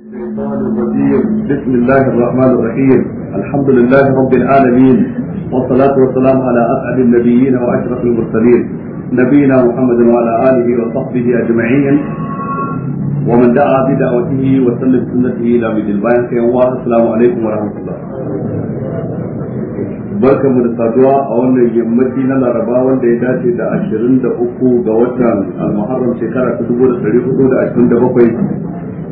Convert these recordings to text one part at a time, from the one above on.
الشيطان الرجيم بسم الله الرحمن الرحيم الحمد لله رب العالمين والصلاة والسلام على أسعد النبيين وأشرف المرسلين نبينا محمد وعلى آله وصحبه أجمعين ومن دعا بدعوته وسلم سنته إلى مجد البيان السلام عليكم ورحمة الله barkan mu da saduwa a wannan yammaci na laraba wanda ya dace da 23 ga watan al shekara ta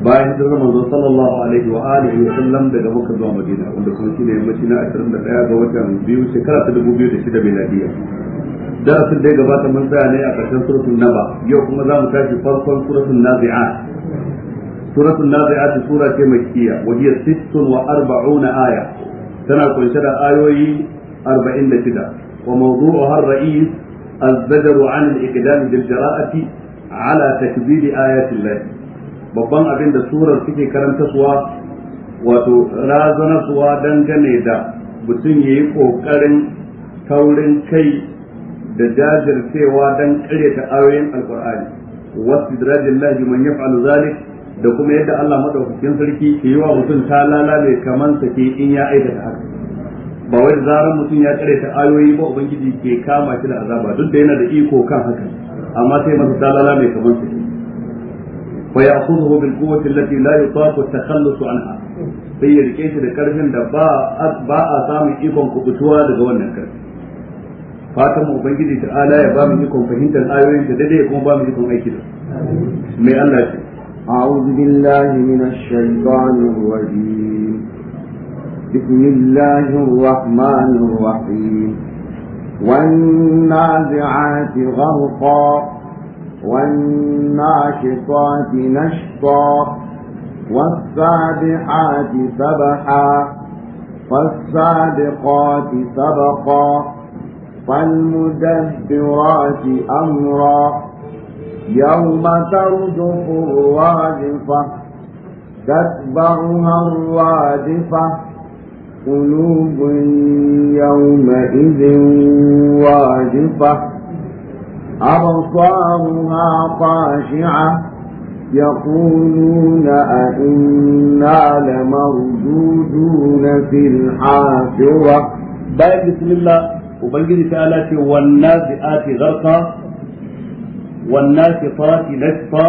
bayan hijirar manzo sallallahu alaihi wa alihi wa sallam daga Makka zuwa Madina wanda kuma shine yammaci na 21 ga watan biyu shekara ta 2006 miladiya darasin da ya gabata mun tsaya ne a ƙarshen suratul naba yau kuma za mu tashi farkon suratul nazi'at suratul nazi'at sura ce makkiya wa hiya 46 aya tana kunshe da ayoyi 46 wa mawdu'uha ar-ra'is الزجر عن الإقدام بالجراءة على تكذيب آيات الله babban abin da surar suke karanta suwa, wato razana don dangane da mutum ya yi ƙoƙarin taurin kai da jajircewa don ƙaryata ayoyin alkur'ani wasu dirajin lahi man ya fa'alu zalik da kuma yadda Allah maɗaukakin sarki ke yi wa mutum ta lalale kaman ke in ya aikata haka ba wai zaran mutum ya ƙaryata ayoyi ba ubangiji ke kama shi da azaba duk da yana da iko kan haka amma sai masa ta lalale kaman ke ويأخذه بالقوة التي لا يطاق التخلص عنها sai ya rike shi da karfin da ba a samun ikon kubutuwa daga wannan karfi fatan mu ubangiji ta ala ya ba mu ikon fahimtar ayoyin da dade kuma ba mu ikon aiki da mai Allah والناشطات نشطا والسابحات سبحا فالسابقات سبقا فالمدبرات أمرا يوم ترجف الرادفة تتبعها الرادفة قلوب يومئذ واجفة أبصارها خاشعة يقولون أئنا لمردودون في الحافرة باي بسم الله وبنجد تعالى آتي غرقا طاتي نشطا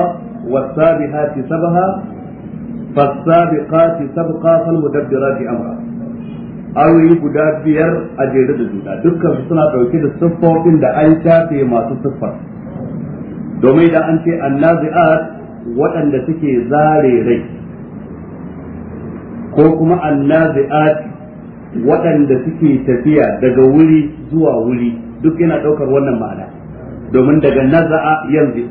والسابحات سبها فالسابقات سبقا فالمدبرات أمرا ayoyi guda biyar a jere da juna dukkan su suna dauke da siffofin da an shafe masu siffar domin idan an ce annazi'at waɗanda suke zare rai ko kuma annazi'at waɗanda suke tafiya daga wuri zuwa wuri duk yana ɗaukar wannan ma'ana domin daga naza'a yanzu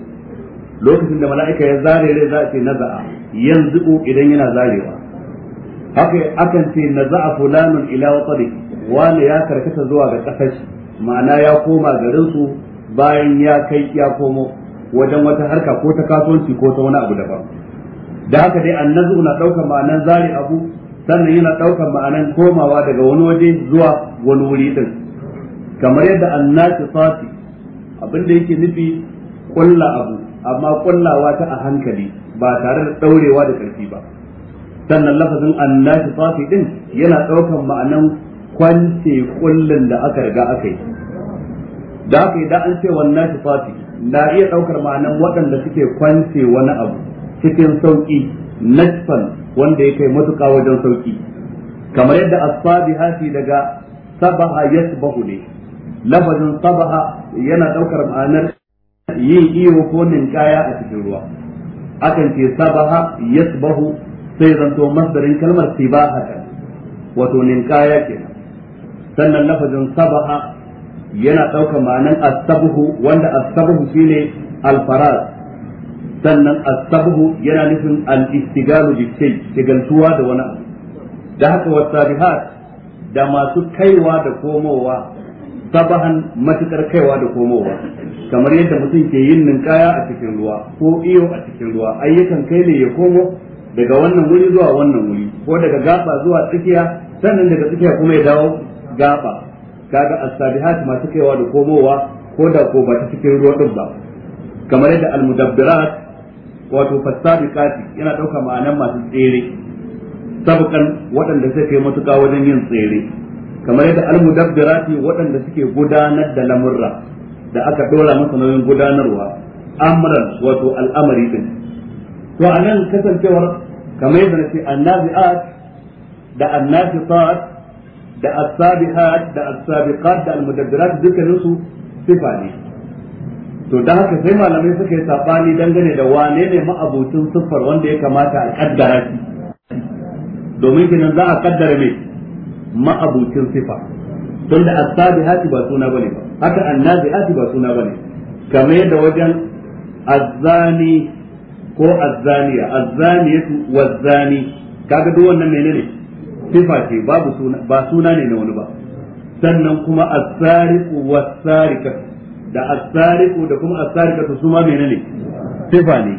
lokacin da mala'ika ya zare rai za a ce naza'a yanzu idan yana zarewa haka akan ce na za'a fulanun ila tsari wani ya karkata zuwa ga kasar ma'ana ya koma garinsu bayan ya kai ya komo wajen wata harka ko ta kasuwanci ko ta wani abu daban da haka dai annazu na ɗauka ma'anan zari abu sannan yana ɗauka ma'anan komawa daga wani waje zuwa wani wuri din kamar yadda annati sati abin da yake nufi kulla abu amma kullawa ta a hankali ba tare da ɗaurewa da ƙarfi ba sannan lafazin annashi safi din yana ɗaukar ma'anan kwance kullun da aka riga aka yi da aka yi da an ce wannan shi na iya ɗaukar ma'anan waɗanda suke kwance wani abu cikin sauƙi najfan wanda ya kai matuƙa wajen sauƙi kamar yadda asfabi hasi daga sabaha yasbahu ne lafazin sabaha yana ɗaukar ma'anar yin iyo ko ninkaya a cikin ruwa akan ce sabaha yasbahu sai zanto masdarin kalmar sibahatan wato ninkaya ke. sannan lafazin sabaha yana ɗaukar ma'anan asabhu wanda asabhu shine alfaraz sannan asabhu yana nufin al-istigalu bi shay shigaltuwa da wani abu da haka wasabihat da masu kaiwa da komowa sabahan matukar kaiwa da komowa kamar yadda mutum ke yin ninkaya a cikin ruwa ko iyo a cikin ruwa ayyukan kai ne ya komo daga wannan wuri zuwa wannan wuri ko daga gaba zuwa tsakiya sannan daga tsakiya kuma ya dawo gaba kaga as-sabihat masu kaiwa da komowa ko da ko ba ta cikin ruwa din ba kamar yadda al-mudabbirat wato fasabiqati yana dauka ma'anan masu tsere sabukan waɗanda suke kai matuƙa wajen yin tsere kamar yadda al-mudabbirati waɗanda suke gudanar da lamurra da aka dora masa nauyin gudanarwa amran wato al'amari din to a nan kasancewar kamar yadda nace annabi'at da annabitat da as da as da al-mudabbirat dukkanin su sifa ne to da haka sai malamai suka yi sabani dangane da wane ne ma'abucin siffar wanda ya kamata a kaddara shi domin kenan za a kaddara mai ma'abucin sifa don da as-sabihati ba suna bane ba haka annabi'ati ba suna bane kamar yadda wajen azzani ko azzaniya azzaniyatu wazzani kaga duk wannan menene sifa ce babu suna ba suna ne na wani ba sannan kuma as-sariqu was sariqa da as-sariqu da kuma as sariqa su ma menene sifa ne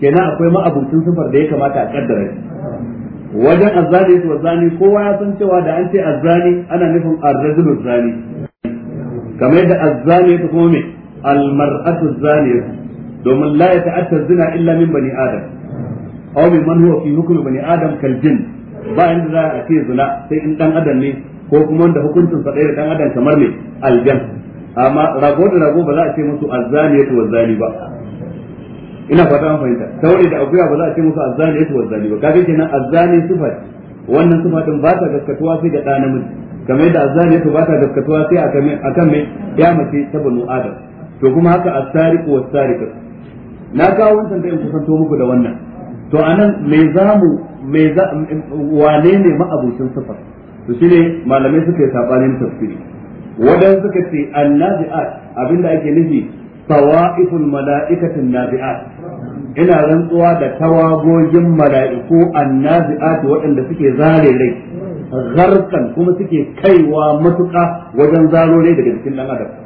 kenan akwai ma ma'abucin sifar da ya kamata a kaddara wajen azzani wa zani kowa ya san cewa da an ce azzani ana nufin ar-rajulu zani kamar yadda azzani ta kuma me al-mar'atu zaniyatu domin la ya ta'atta zina illa min bani adam aw min man huwa fi hukmi bani adam kal jin ba inda za a ce zina sai in dan adam ne ko kuma wanda hukuncin sa da dan adam kamar ne aljan amma rago da rago ba za a ce musu azzani azzaniyatu wazzani ba ina fata an fahimta tauri da akuya ba za a ce musu azzani azzaniyatu wazzani ba kaga kenan azzani sifat wannan sifa din ba ta gaskatuwa sai ga ɗa namiji kamar yadda azzani to ba ta gaskatuwa sai akan mai ya mace ta banu adam to kuma haka as-sariqu was-sariqatu na kawo wancan da in kusanto muku da wannan to anan me za mu me za wane ne ma'abucin sifar to shine malamai suka yi sabanin tafsiri wadan suka ce annabi'at abinda ake nufi tawaiful mala'ikatin nabi'at ina rantsuwa da tawagogin mala'iku annabi'at waɗanda suke zare rai garkan kuma suke kaiwa matuƙa wajen zaro ne daga cikin dan adam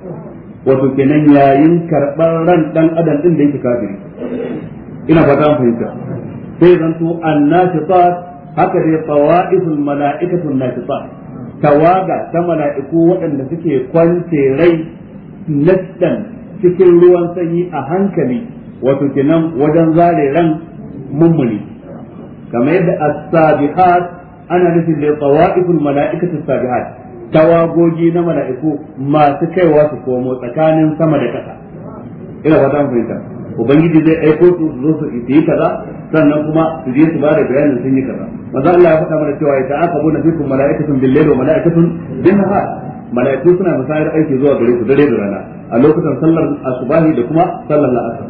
wato kenan yayin karɓar ran ɗan adam ɗin da yake kafiri ina fata an fahimta sai zanto annashitat haka dai tawaiful mala'ikatu nashitat tawaga ta mala'iku waɗanda suke kwance rai nasdan cikin ruwan sanyi a hankali wato kenan wajen zare ran mummuni kamar yadda as-sabihat ana nufin da tawaiful mala'ikatu as-sabihat tawagogi na mala'iku masu kaiwa su komo tsakanin sama da ƙasa ina fata mu fahimta ubangiji zai aiko su zo su yi kaza sannan kuma su je su bada bayanin sun yi kaza maza Allah ya faɗa mana cewa ita aka ya ta'aqabuna fikum mala'ikatun bil da wa mala'ikatun bin-nahar mala'iku suna musayar aiki zuwa gare su dare da rana a lokutan sallar asubahi da kuma sallar la'asar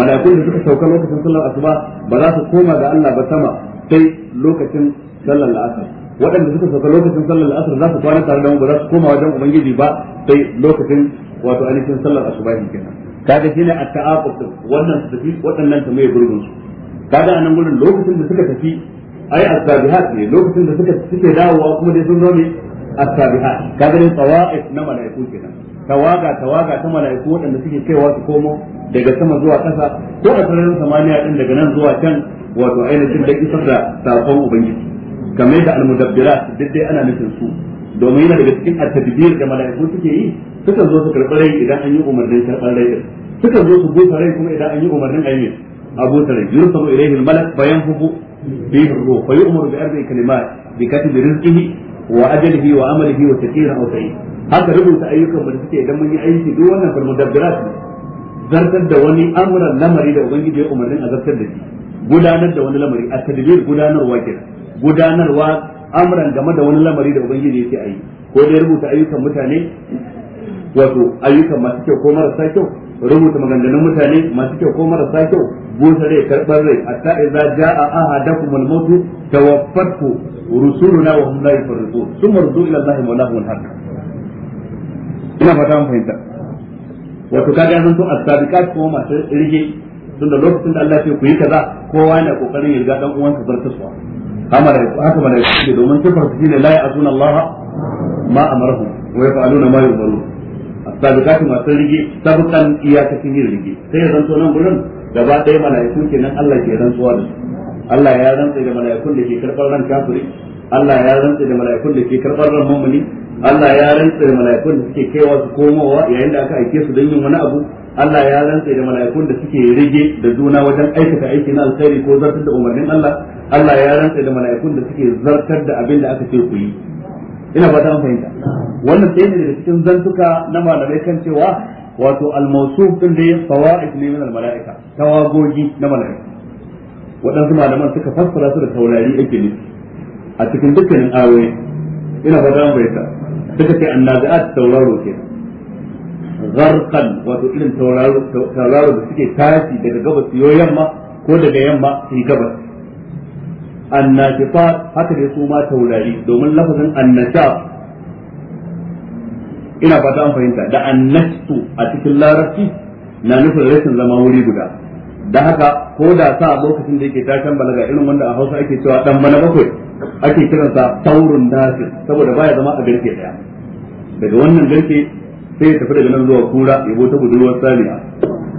mala'iku da suka sauka lokacin sallar asuba ba za su koma da Allah ba sama sai lokacin sallar la'asar waɗanda suka sauka lokacin sallar asar za su kwana tare da mu ba za su koma wajen ubangiji ba sai lokacin wato ainihin sallar asubahi kenan kaga shine a taaqub wannan su tafi waɗannan ta mai gurbin su kaga anan gurin lokacin da suka tafi ai as ne lokacin da suka suke dawowa kuma dai sun zo ne as-sabihat kaga dai tawa'if na mala'iku kenan tawaga tawaga ta mala'iku waɗanda suke kaiwa su komo daga sama zuwa ƙasa ko a sararin samaniya ɗin daga nan zuwa can wato ainihin da isar da sakon ubangiji game da almudabbirat duk dai ana nufin su domin yana daga cikin at-tadbir da mala'iku suke yi sukan zo su karɓi rai idan an yi umarnin karɓar rai din sukan zo su busa rai kuma idan an yi umarnin ayi abu tare yursalu ilayhi al-malak bayan hubu bihi ruh fa yu'maru bi arba'i kalimat bi katbi rizqihi wa ajalihi wa amalihi wa takira aw sa'id haka rubuta ayyukan mu suke idan mun yi aiki duk wannan fal mudabbirat zartar da wani amuran lamari da ubangiji ya umarnin a zartar da shi gudanar da wani lamari a tadbir gudanarwa kenan gudanarwa amuran game da wani lamari da ubangiji yake ayi ko dai rubuta ayyukan mutane wato ayyukan masu kyau ko marasa kyau rubuta maganganun mutane masu kyau ko marasa kyau busa rai karɓar rai hatta idza jaa ahadakum al-maut tawaffatku rusuluna wa hum la yufarritun sun ruddu ila wa lahu al-haq ina fata mun fahimta wato kaga sun to as-sabiqat ko masu rige tunda lokacin da Allah ya ce ku yi kaza kowa yana kokarin ya riga dan uwansa barkasuwa amara haka mana shi domin kafar su shine la ya'tuna Allah ma amarahum wa yaf'aluna ma yu'marun as-sabiqatu ma sirri sabqan kin rige sai ya zanto nan gurin gaba ɗaya mala'iku kenan Allah ke rantsuwa da Allah ya rantsa da mala'ikun da ke karbar ran kafiri Allah ya rantsa da mala'ikun da ke karbar ran mu'mini Allah ya rantsa da mala'ikun da suke kaiwa su komowa yayin da aka aike su don yin wani abu Allah ya rantse da mala'ikun da suke rage da juna wajen aikata aiki na alkhairi ko zartar da umarnin Allah Allah ya rantse da mala'ikun da suke zartar da abin da aka ce ku yi ina fata an fahimta wannan sai ne daga cikin zantuka na malamai kan cewa wato al-mawsuf din da fawaid ne min al-mala'ika tawagogi na mala'ika waɗansu malaman suka fassara su da taurari ake ne a cikin dukkanin ayoyi ina fata an fahimta suka ce annabi'at tauraro kenan zarkan wato irin tauraro da suke tashi daga gabas yau yamma ko daga yamma su gabas annashifa haka dai su ma taurari domin lafazin annashaf ina fata an fahimta da annashtu a cikin larabci na nufin rashin zama wuri guda da haka ko da sa lokacin da yake tashin balaga irin wanda a hausa ake cewa dan bana bakwai ake kiransa taurin nasir saboda baya zama a garke daya daga wannan garke sai ya tafi daga nan zuwa kura ya bota budurwar saniya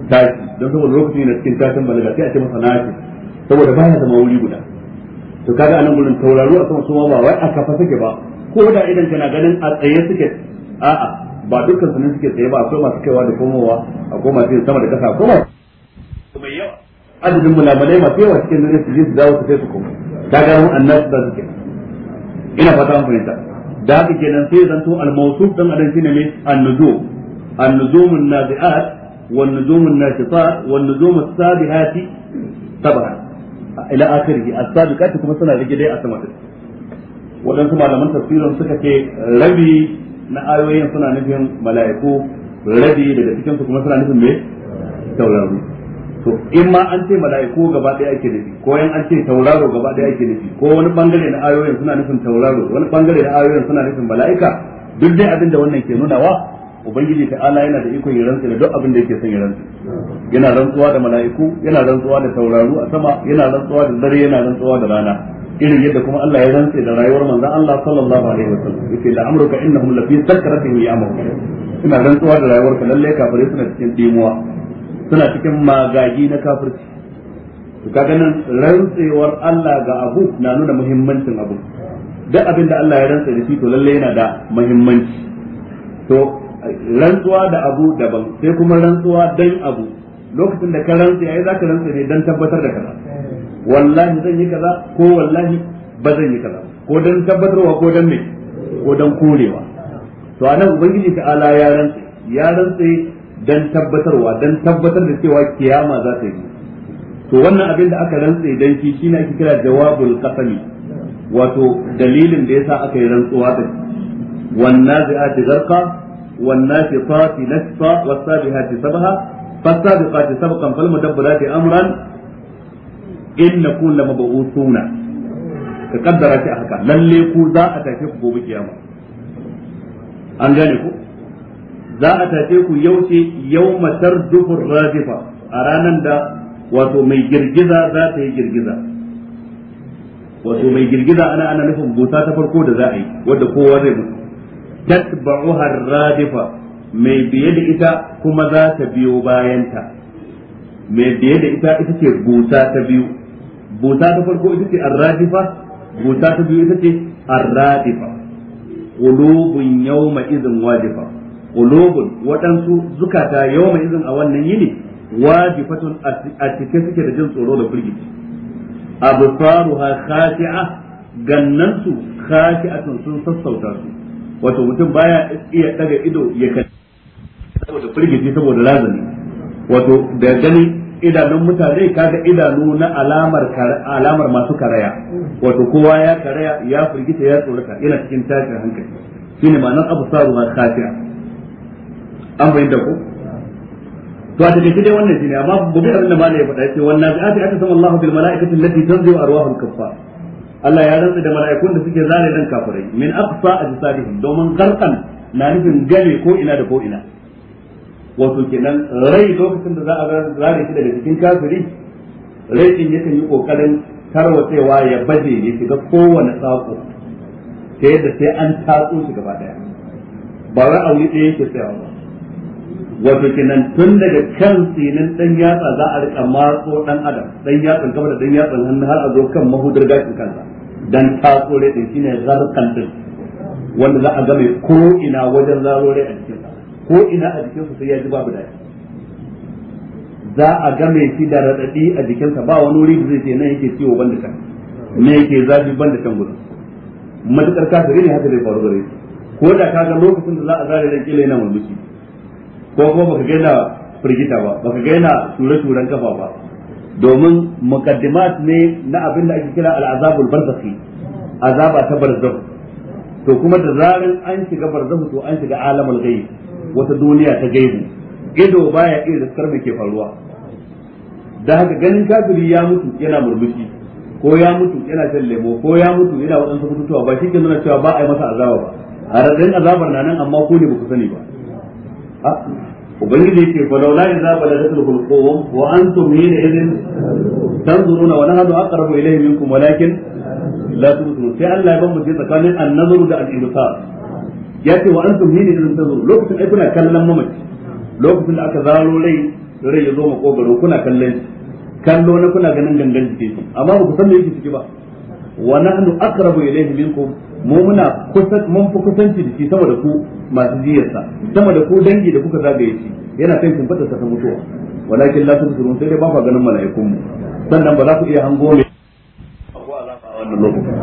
tashi don saboda lokacin yana cikin tashin balaga sai a ce masa nashi saboda ba ya zama wuri guda to kaga anan gurin tauraro a sama su ba wai a kafa suke ba ko da idan kana ganin a tsaye suke a'a ba dukkan su ne suke tsaye ba akwai masu kaiwa da komowa a koma yin sama da kasa kuma ba mai yawa adadin mulamalai masu yawa cikin dare su je su dawo su kai su koma kaga mun annabi da suke ina fata an fahimta da haka kenan sai zanto al-mawsuf dan adam shine ne an-nujum an-nujum an-nazi'at wan-nujum an-nashitat wan-nujum as-sabihati tabara ila akhirih as-sabiqat kuma suna rige dai a sama da wadansu malaman tafsirin suka ce rabi na ayoyin suna nufin mala'iku rabi daga cikin su kuma suna nufin me taurari to in ma an ce mala'iku gaba ɗaya ake nufi ko yan an ce tauraro gaba ɗaya ake nufi ko wani bangare na ayoyin suna nufin tauraro wani bangare na ayoyin suna nufin mala'ika duk dai abin da wannan ke nunawa ubangiji ta ala yana da ikon ya da duk abin da yake son ya rantsa yana rantsuwa da mala'iku yana rantsuwa da tauraro a sama yana rantsuwa da dare yana rantsuwa da rana irin yadda kuma Allah ya rantsa da rayuwar manzon Allah sallallahu alaihi wasallam yake la amruka innahum lafi sakratihim ya'mahu ina rantsuwa da rayuwarka lalle kafirai suna cikin dimuwa suna cikin magagi na kafirci to kaga nan rantsewar Allah ga abu na nuna muhimmancin abu duk abin da Allah ya rantsa da shi to lalle yana da muhimmanci to rantsuwa da abu daban sai kuma rantsuwa dan abu lokacin da ka rantsa yayi zaka rantsa ne dan tabbatar da kaza wallahi zan yi kaza ko wallahi ba zan yi kaza ko dan tabbatarwa ko dan me ko dan korewa to anan ubangiji ta ala ya rantsa ya rantsa dan tabbatarwa dan tabbatar da cewa kiyama za ta yi to wannan abin da aka rantse dan shi shine ake kira jawabul qasami wato dalilin da yasa aka yi rantsuwa da wan nazi'ati zarqa wan nasifati nasfa was sabihati sabaha fas sabiqati sabqan fal mudabbarati amran innakum lamab'uthuna ka kaddara ki haka lalle ku za a tafi ku gobe kiyama an gane ku za a tace ku yauce matar tarjufu rajifa a ranan da wato mai girgiza za ta yi girgiza wato mai girgiza ana ana nufin busa ta farko da za a yi wadda kowa zai mutu ba'uhar radifa mai biye da ita kuma za ta biyo bayanta mai biye da ita ita ce busa ta biyu busa ta farko ita ce arrajifa busa ta biyu ita ce arradifa qulubun yawma idhin wajifa qulubun waɗansu zukata yau mai izin a wannan yini wajifatun a cike suke da jin tsoro da firgici absaruha khashi'a gannansu khashi'atun sun sassauta su wato mutum baya iya daga ido ya kalli saboda firgici saboda lazani wato da gani idanun mutane kaga idanu na alamar alamar masu karaya wato kowa ya karaya ya firgita ya tsorata yana cikin tashin hankali shine ma'anar absaruha khashi'a an bayyana ku to a take dai wannan shine amma gobe abin da malai ya faɗa ce wannan bi'ati aka sama Allahu bil mala'ikati allati a arwahul kuffar Allah ya rantsa da mala'ikun da suke zare dan kafirai min aqsa ajsadihim domin garkan na nufin gale ko ina da ko ina wato kenan rai lokacin da za a zare shi daga cikin kafiri rai din yakan yi kokarin tarwatsewa ya baje ya shiga kowane sako ta yadda sai an tatso shi gaba daya ba wai ɗaya yake tsayawa ba wato kenan tun daga kan tsinin dan yatsa za a rika matso dan adam dan yatsa gaba da dan yatsa hannu har a zo kan mahudar gashin kansa dan ta tsore din shine zarkan din wanda za a ga mai ko ina wajen zaro rai a cikin ko ina a sa sai ya ji babu daɗi za a ga mai shi da radadi a jikinsa ba wani wuri da zai ce nan yake ciwo banda kan me yake zafi banda kan gudu matakar kafiri ne haka zai faru gare shi ko da ka ga lokacin da za a zare rai kila yana murmushi ko kuma baka gaina firgita ba baka gaina ture turan kafa ba domin muqaddimat ne na abin da ake kira al'azabul barzakhi azaba ta barzakh to kuma da zarin an shiga barzakh to an shiga alamul ghaib wata duniya ta gaibu ido baya iya da me ke faruwa da haka ganin kafiri ya mutu yana murmushi ko ya mutu yana shan lemo ko ya mutu yana wadansu mutuwa ba shi ke nuna cewa ba a yi masa azaba ba a raɗin azabar na nan amma ko ne ba ku sani ba ubangiji yake fa laula idza balagatul hulqum wa antum hina idin tanzuruna wa nahadu aqrabu ilayhi minkum walakin la tubsirun sai Allah ya bambance tsakanin an-nazar da al-ibsar yace wa antum hina idin tanzurun lokacin ai kuna kallon mamaci lokacin da aka zalo rai rai ya zo makogaro kuna kallon kallo na kuna ganin gangan jikin amma ba ku san me yake ciki ba wa nahnu aqrabu ilayhi minkum mu muna kusa mun fi kusanci da shi sama da ku masu jiyarsa sama da ku dangi da kuka zagaye shi yana kan kin fata ta mutuwa walakin la tusirun sai dai ba ku ganin mala'ikun mu sannan ba za ku iya hango ne wannan lokacin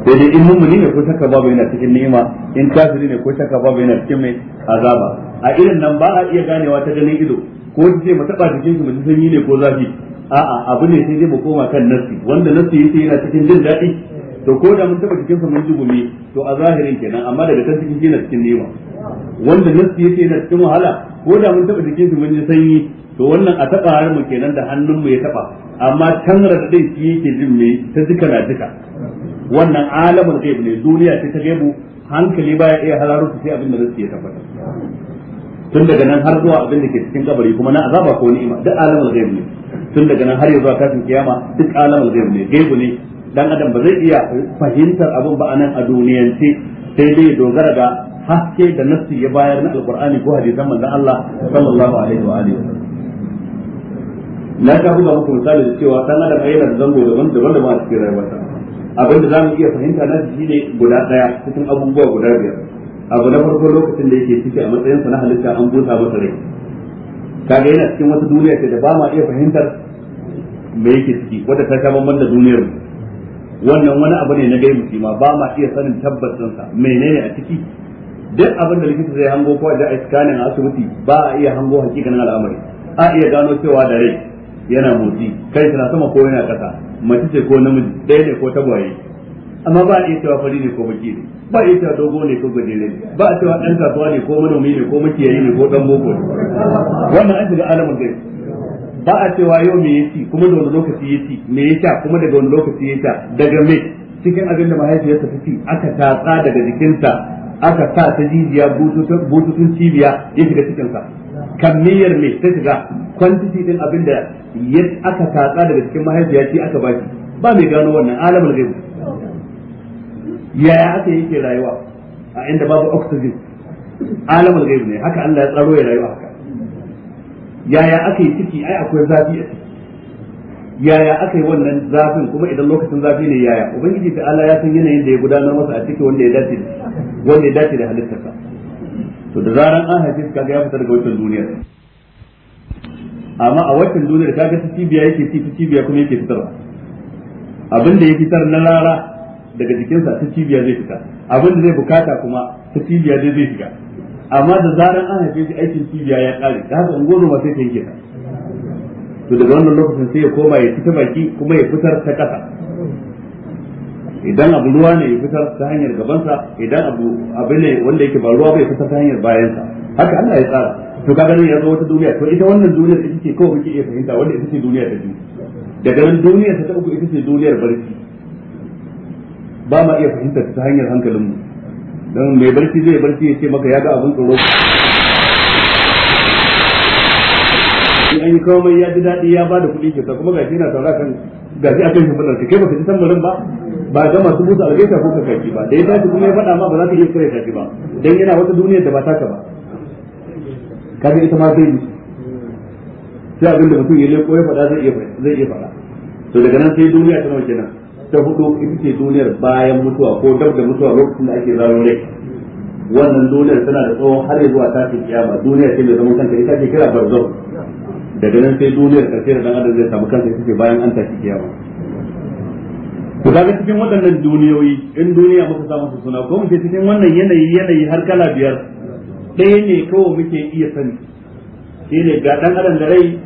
sai dai in muni ne ko shakka babu yana cikin ni'ima in kafiri ne ko shakka babu yana cikin mai azaba a irin nan ba a iya ganewa ta ganin ido ko ta ce mataba jikin su mu sanyi ne ko zafi a'a abu ne sai dai mu koma kan nasi wanda nasi yake yana cikin jin daɗi to ko da mun taba jikinsa mun ji to a zahirin kenan amma daga ta cikin yana cikin nema wanda nasu yake na cikin wahala ko da mun taba cikin mun ji sanyi to wannan a taba har mu kenan da hannun mu ya taba amma can radadin shi yake jin me ta duka na duka wannan alamul ghaib ne duniya ce ta gaibu hankali baya iya su sai abin da nasu ya tabbata tun daga nan har zuwa abin da ke cikin kabari kuma na azaba ko ni'ima duk alamul ghaib ne tun daga nan har zuwa kafin kiyama duk alamul ghaib ne gaibu ne dan adam ba zai iya fahimtar abin ba anan a duniyance sai dai dogara ga haske da nassi ya bayar na alqur'ani ko hadisan manzon Allah sallallahu alaihi wa alihi na ka buga muku misali da cewa dan adam yana da zango daban daban wanda ba a cikin rayuwarsa abin da zamu iya fahimta na shi ne guda daya cikin abubuwa guda biyar abu na farko lokacin da yake ciki a matsayin sa na halitta an busa masa rai kaga yana cikin wata duniya ce da ba ma iya fahimtar me yake ciki wadda ta sha bamban da duniyar mu wannan wani abu ne na gai shi ma ba ma iya sanin tabbacin sa menene a ciki duk abin da likita zai hango ko da iskanin a asibiti ba a iya hango hakikanin al'amari a iya gano cewa da rai yana motsi kai tana sama ko yana kasa mace ce ko namiji ɗaya ne ko tagwaye amma ba a iya cewa fari ne ko baki ne ba a iya cewa dogo ne ko gajere ne ba a cewa ɗan kasuwa ne ko manomi ne ko makiyayi ne ko dan boko ne wannan an shiga alamin gaisu ba a cewa yau me ya ci kuma da wani lokaci ya ci me ya sha kuma daga wani lokaci ya sha daga me cikin abin da mahaifiyarsa ta ci aka tatsa daga jikinsa aka sa ta jijiya bututun cibiya ya shiga cikinsa kamiyar me ta shiga kwantiti din abin da aka tatsa daga cikin mahaifiya ce aka baki ba mai gano wannan alamar gaibu yaya aka yake rayuwa a inda babu oxygen alamar gaibu ne haka Allah ya tsaro ya rayuwa haka yaya aka yi ciki ai akwai zafi a ciki yaya aka yi wannan zafin kuma idan lokacin zafi ne yaya ubangiji ta ala ya san yanayin da ya gudanar masa a ciki wanda ya dace wanda ya dace da halittarsa to da zaran an haife kaga ya fita daga wancan duniyar amma a wancan duniyar kaga ta cibiya yake ci ta cibiya kuma yake fitarwa abin da ya fitar na rara daga jikinsa ta cibiya zai fita abin da zai bukata kuma ta cibiya zai fita amma da zaran an haife shi aikin cibiya ya kare da haka ba sai ta yanke ta to daga wannan lokacin sai ya koma ya fita baki kuma ya fitar ta kasa idan abu ruwa ne ya fitar ta hanyar gabansa idan abu abu ne wanda yake ba ruwa ba ya fitar ta hanyar bayansa haka Allah ya tsara to kaga nan ya zo wata duniya to ita wannan duniyar da kike kawai kike iya fahimta wanda ita ce duniya ta biyu daga nan duniyar ta uku ita ce duniyar barci ba ma iya fahimta ta hanyar hankalinmu don mai barci zai barci ya ce maka ya ga abin tsoro in an yi komai ya ji daɗi ya ba da kuɗi ke kuma gashi na saura kan gashi a kan shi fadar kai baka ji tambarin ba ba ga masu busa algaita ko ka kaki ba da ya tashi kuma ya faɗa ma ba za ka iya kare kaki ba don yana wata duniya da ba taka ba kaga ita ma zai yi sai abin da mutum ya leko ya faɗa zai iya faɗa to daga nan sai duniya ta nawa nan ta hudu ita ce duniyar bayan mutuwa ko dab da mutuwa lokacin da ake zaro ne wannan duniyar tana da tsawon har zuwa ta ce kiyama duniyar ce mai zaman kanta ita ce kira barzau daga nan sai duniyar karshe da dan adam zai samu kansa ita ce bayan an tafi kiyama ku kaga cikin waɗannan duniyoyi in duniya muka samu su suna ko muke cikin wannan yanayi yanayi har kala biyar ɗaya ne kawai muke iya sani sai ne ga dan adam da rai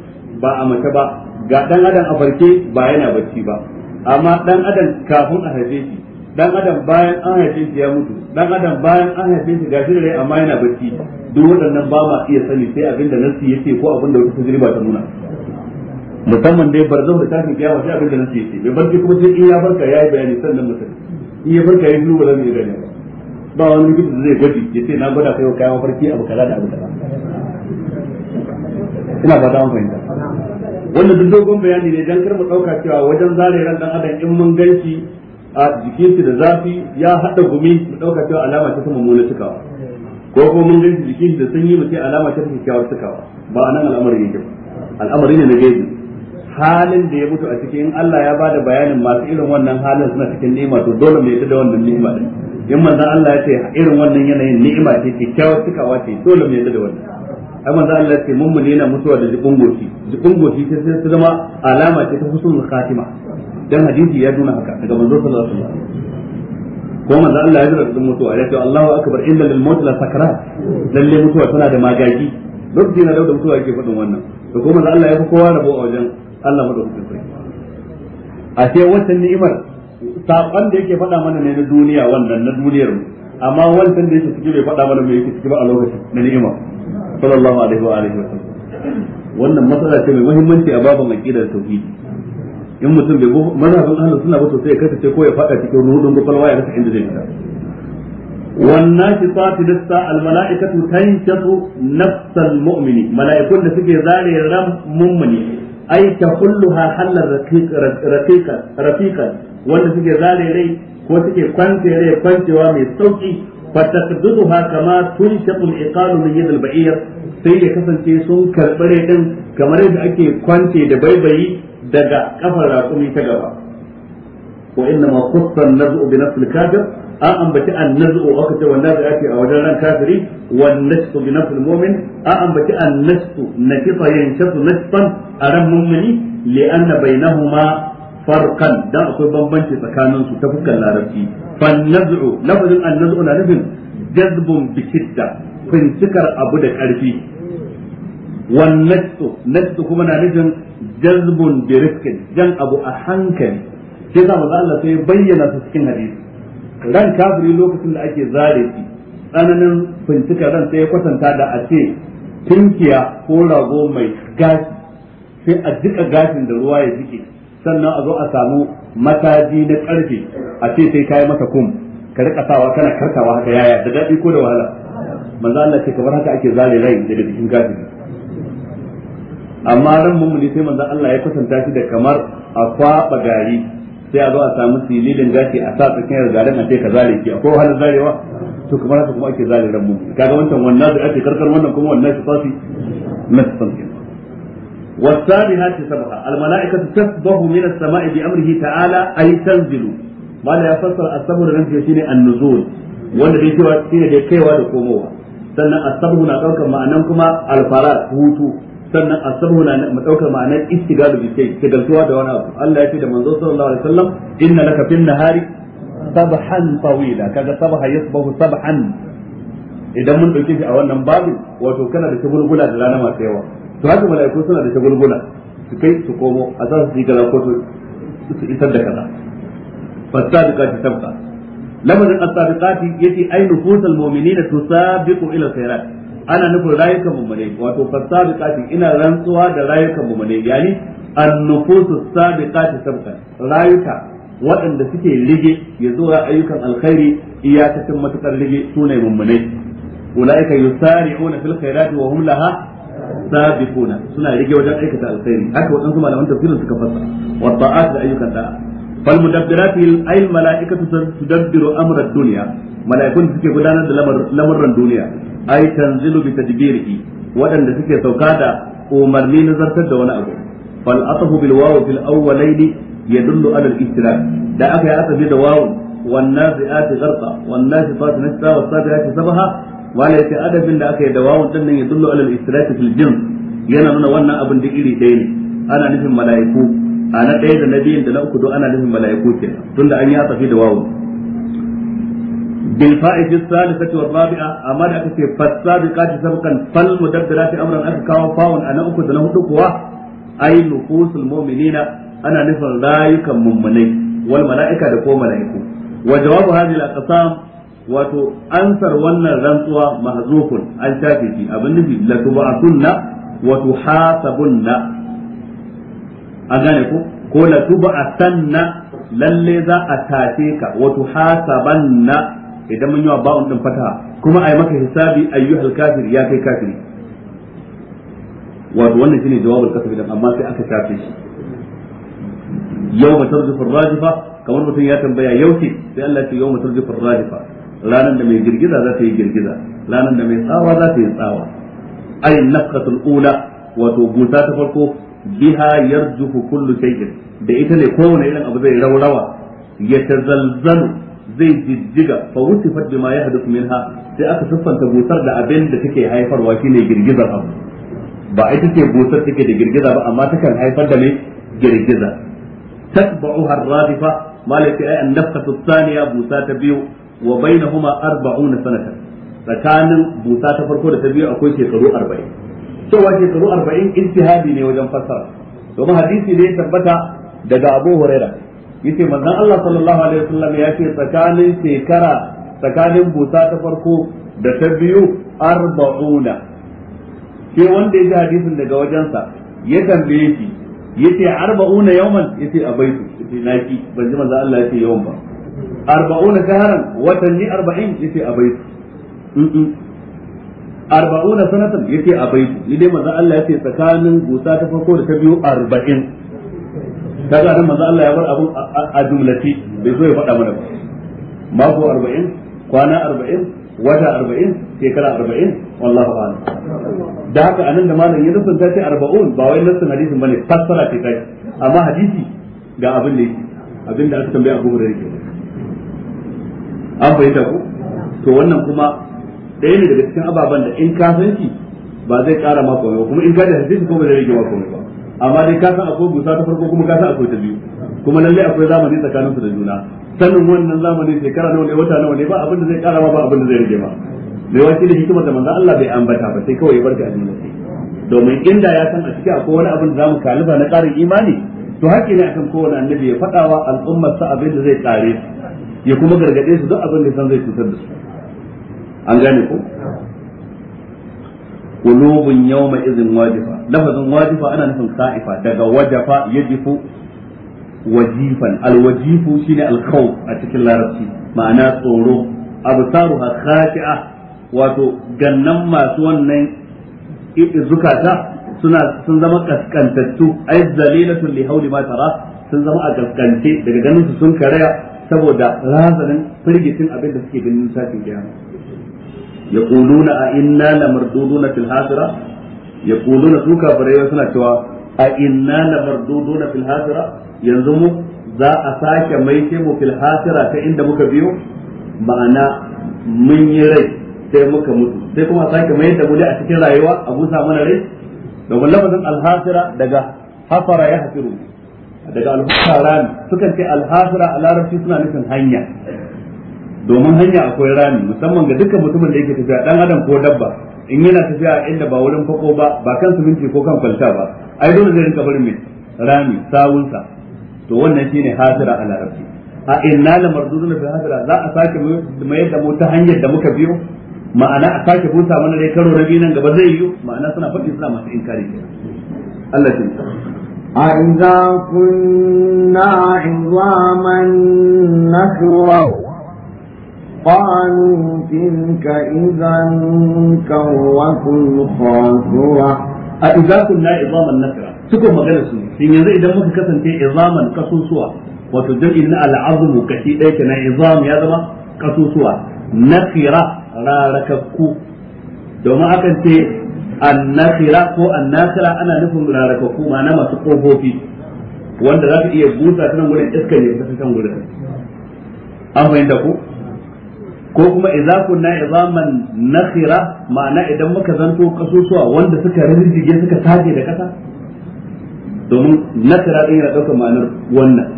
ba a mace ba ga dan adam a farke ba yana bacci ba amma dan adam kafin a haife shi dan adam bayan an haife shi ya mutu dan adam bayan an haife shi gashi da rai amma yana bacci duk waɗannan ba ma iya sani sai abin da nassi yake ko abin da wata tajriba ta nuna musamman dai barzan da tashin kiyama sai abin da nassi yake bai barci kuma sai in ya barka yayi bayani sannan mutum in ya barka yayi duba zan iya gani ba wani likita da zai gwaji ce na gwada kai wa kayan farki abu kaza da abu kaza ina ba ta an fahimta wannan duk dogon bayani ne dan kar mu dauka cewa wajen zare ran dan adam in mun ganci a jikin shi da zafi ya hada gumi mu dauka cewa alama ce ta muna suka ko kuma mun ganci jikin shi da sanyi mu ce alama ce ta kyakkyawar sukawa ba anan al'amari yake ba al'amari ne na gaibi halin da ya mutu a cikin Allah ya bada bayanin masu irin wannan halin suna cikin ni'ima to dole mu yadda da wannan ni'ima din in manzon Allah ya ce irin wannan yanayin ni'ima ce kyakkyawar sukawa ce dole mu yadda da wannan ai manzo Allah ce mummune yana mutuwa da jikun goshi jikun goshi ta sai ta zama alama ce ta husnul khatima dan hadisi ya nuna haka daga manzo sallallahu alaihi wasallam ko manzo Allah ya jira da mutuwa ya ce Allahu akbar illa lil maut la sakrat lalle mutuwa tana da magaji lokacin da da mutuwa yake faɗin wannan to ko manzo Allah ya fi kowa rabo a wajen Allah madaukakin sarki a ce wannan ni'imar saƙon da yake faɗa mana ne na duniya wannan na duniyar mu amma wancan da yake ciki bai faɗa mana me yake ciki ba a lokacin na ni'imar. sallallahu alaihi wa alihi wasallam wannan mai muhimmanci a babban aqidar tauhidi in mutum bai gofa manhajin ahlus sunna ba sosai, sai ya kasance ko ya fada cikin rudun gofalwa ya rasa inda zai fita wannan ki sati dasta al malaikatu tanshatu nafsal mu'mini malaikun da suke zare ram mu'mini ay ta kulluha wanda suke zare rai ko suke kwance rai kwancewa mai sauki فتقبضها كما تنشط العقال من يد البعير sai ya kasance sun karɓare ɗin kamar yadda ake kwance da baibayi daga kafar raƙumi ta gaba wa inna ma kusan nazu bi nafsil kafir an ambaci an nazu aka ce wannan da ake a wajen ran kafiri wan nasu bi nafsil mu'min an ambaci an nasu nakifa yin mu'mini li anna bainahuma farkan dan akwai bambanci tsakanin su ta fuskar larabci fan naz'u lafazin an naz'u na nufin jazbun bi fincikar abu da karfi wan nasu nasu kuma na nufin jazbun bi jan abu a hankali sai sa maza Allah sai bayyana su cikin hadisi ran kafiri lokacin da ake zare shi tsananin fincikar ran sai ya kwatanta da a ce tunkiya ko rago mai gashi sai a jika gashin da ruwa ya jike sannan a zo a samu mataji na karfe a ce sai kai masa kum ka rika sawa kana karkawa haka yaya da daɗi ko da wahala manzo Allah ce kamar haka ake zare rai daga cikin kafiri amma ran mummuni sai manzo Allah ya kusanta shi da kamar a kwaba gari sai a zo a samu sililin gashi a sa tsakin garin a ce ka zare ki akwai wahalar zarewa to kamar haka kuma ake zare ran mummuni kaga wancan wannan da ake karkar wannan kuma wannan shi fasi na tsanki والسابحات سبحا الملائكة تسبح من السماء بأمره تعالى أي تنزل ما لا يفسر الصبر نفسه شيء النزول wanda dai cewa shine dai kaiwa da komowa sannan asabu na daukar ma'anan kuma alfarat hutu sannan asabu na daukar ma'anan istigalu bi kai da wani abu Allah ya ce da manzo sallallahu alaihi wasallam inna laka fil nahari sabhan tawila kaga sabaha yasbahu sabhan idan mun dauke shi a wannan babin wato kana da tubulgula da rana masu yawa to haka mala'iku suna da shagulgula su kai su komo a za su yi kaza ko su isar da kaza fasadiqati sabqa lamarin as-sadiqati yace ay nufusal mu'minina tusabiqu ila khairat ana nufin rayukan mu'minai wato fasadiqati ina rantsuwa da rayukan mu'minai yani an-nufusus sadiqati sabqa rayuka waɗanda suke rige ya zo ayyukan alkhairi iyakacin matukar rige su ne mummunai ulaika yusari'una fil khairati wa hum laha sabiquna suna rige wajen aikata alkhairi haka wadansu malaman tafsirin suka fassara wa ta'at da ayyukan da'a fal mudabbirati al malaikatu tudabbiru amra dunya malaikun suke gudanar da lamarin duniya ay tanzilu bi tadbirihi suke sauka da umarni na zartar da wani abu fal atafu bil waw fil awwalayn yadullu ala da aka yi asabi da waw سبها wala yace adafin da aka yi da wawun din nan ya dullu alal istirati fil jins yana nuna wannan abin da iri ɗaya ne ana nufin mala'iku a na ɗaya da na biyun da na uku don ana nufin mala'iku ke tunda an yi tafi da wawun bil fa'id as-salisati wa rabi'a amma da aka ce fasabiqati sabqan fal mudabbirati amran aka kawo fawun a na uku da na hudu kuwa ai nufusul mu'minina ana nufin rayukan mummunai wal mala'ika da ko mala'iku wa jawabu hadhihi al-aqsam wato ansar wannan rantsuwa mahzufun an shafe shi abin nufi la tub'atunna wa tuhasabunna an gane ko ko la tub'atanna lalle za a tace ka wa tuhasabanna idan mun yi wa ba'un din fataha kuma ai maka hisabi ayyuhal kafir ya kai kafiri wato wannan shine jawabul kasab idan amma sai aka shafe shi yawma tarjifu ar-rajifa kamar mutum ya tambaya yau ce sai Allah ya ce yawma tarjifu ar-rajifa ranar da mai girgiza za ta yi girgiza ranar da mai tsawa za ta yi tsawa ay nafqatul ula wato busa ta farko biha yarjuhu kullu shay'in da ita ne kowane irin abu zai raurawa ya tazalzalu zai jijjiga fa wutifat bima yahdathu minha sai aka tuffanta busar da abin da take haifarwa shine girgizar abu ba ita ce busar take da girgiza ba amma takan haifar da ne girgiza tatba'uha ar-radifa malaka ay an-nafqatu ath busa ta biyu wa bainahuma arba'una sanata tsakanin busa ta farko da ta biyu akwai shekaru 40 cewa shekaru 40 ijtihadi ne wajen fassara domin hadisi ne ya tabbata daga Abu Huraira yace manzon Allah sallallahu alaihi wasallam ya ce tsakanin shekara tsakanin busa ta farko da ta biyu 40 ke wanda ya ji hadisin daga wajensa ya tambaye shi yace 40 yawman yace a baitu yace naki ban ji manzon Allah yace yawan ba arba'una shaharan watanni arba'in yace a baitu arba'una sanatan yace a baitu ni dai manzo Allah yace tsakanin gusa ta farko da ta biyu arba'in kaga nan manzo Allah ya bar abun a jumlati bai zo ya faɗa mana ba mako arba'in kwana arba'in wata arba'in shekara arba'in wallahu a'lam da haka anan da malam ya nufin ta ce arba'un ba wai nassin hadisin bane fassara ce kai amma hadisi ga abin da yake abin da aka tambaya Abu yake an fahimta ku to wannan kuma ɗaya ne daga cikin ababen da in ka san shi ba zai ƙara ma komai ba kuma in ka da hadisi ko ba zai rage ma komai ba amma dai ka san akwai gusa ta farko kuma ka san akwai ta biyu kuma lallai akwai zamani tsakaninsu da juna sanin wannan zamani shekara nawa ne wata nawa ne ba abin da zai ƙara ma ba abin da zai rage ma mai wace da hikimar da manzo Allah bai ambata ba sai kawai ya barka a jinin domin inda ya san a ciki akwai wani abin da zamu kalifa na ƙarin imani to haƙƙi ne akan kowane annabi ya faɗawa al'ummar sa abin da zai kare su ya kuma gargade su duk abin da san zai cutar da su an gane ko qulubun yawma idhin wajifa lafazin wajifa ana nufin sa'ifa daga wajafa yajifu wajifan alwajifu shine alkau a cikin larabci ma'ana tsoro absaruha khati'a wato gannan masu wannan zukata suna sun zama kaskantattu ai zalilatul li hawli ma tara sun zama a kaskance daga ganin su sun karaya saboda razanin firgitin abin da suke ganin sashin kiyama yaquluna a inna na filhasira. Ya yaquluna su kafirai suna cewa a inna lamarduduna na filhasira yanzu mu za a sake maishe mu ta inda muka biyo ma'ana mun yi rai sai muka mutu sai kuma sake mai da mu a cikin rayuwa a busa mana rai domin lafazin alhasira daga hafara ya hasiru daga rami sukan ce alhasira a larabci suna nufin hanya domin hanya akwai rami musamman ga dukkan mutumin da yake tafiya dan adam ko dabba in yana tafiya inda ba wurin fako ba ba kan siminti ko kan kwalta ba ai dole zai rinka barin mai rami sawunsa to wannan shine hasira a larabci a inna la marduduna fi hasira za a sake mai da mu ta hanyar da muka biyo ma'ana a sake busa mana dai karo rabi nan gaba zai yiwu ma'ana suna faɗi suna masu inkari Allah ya أَإِذَا كُنَّا عِظَامًا نَكْرَةً قَالُوا تِلْكَ إِذًا كَرَّةٌ خَاسِرَةٌ أَإِذَا كُنَّا عِظَامًا نَكْرَةً suka magana su shin yanzu idan muka kasance izaman kasusuwa wato jam'in na al'azmu kashi ɗaya kenan izam ya zama kasusuwa nakira rarakakku domin ce annasira ko annasira ana nufin rarakaku ma'ana masu kofofi wanda za su iya busa ta nan gurin iska ne ta can gurin an fahimta ku ko kuma idza kunna izaman nakhira ma'ana idan muka zanto kasusuwa wanda suka rinjige suka taje da kasa domin nakhira din yana daukar ma'anar wannan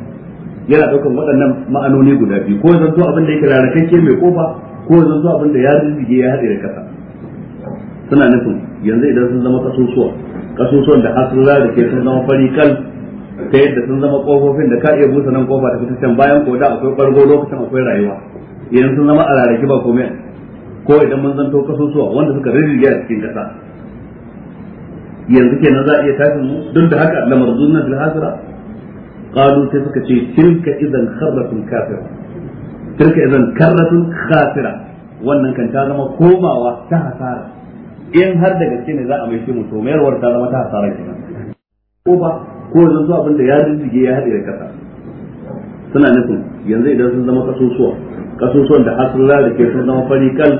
yana daukar waɗannan ma'anoni guda biyu ko zanto abin da yake rarakakke mai kofa ko zanto abin da ya rinjige ya haɗe da kasa suna nufin yanzu idan sun zama kasusuwa kasusuwan da har sun ke sun zama fari kal ta yadda sun zama kofofin da ka iya busa nan kofa ta fita can bayan ko da akwai bargo lokacin akwai rayuwa idan sun zama a rarrake ba komai ko idan mun zanto kasusuwa wanda suka rirriga a cikin kasa yanzu kenan za a iya tashin mu duk da haka lamar zunna fil hasira qalu sai suka ce tilka idan kharratun kafira tilka idan karratun khasira wannan kan ta zama komawa ta hasara in har da gaske ne za a mai shi mu to mayarwar ta zama ta hasara nan ko ba ko yanzu abin da ya rinjige ya haɗe da kasa suna nufin yanzu idan sun zama kasusuwa kasusuwan da hasrura da ke sun zama farikal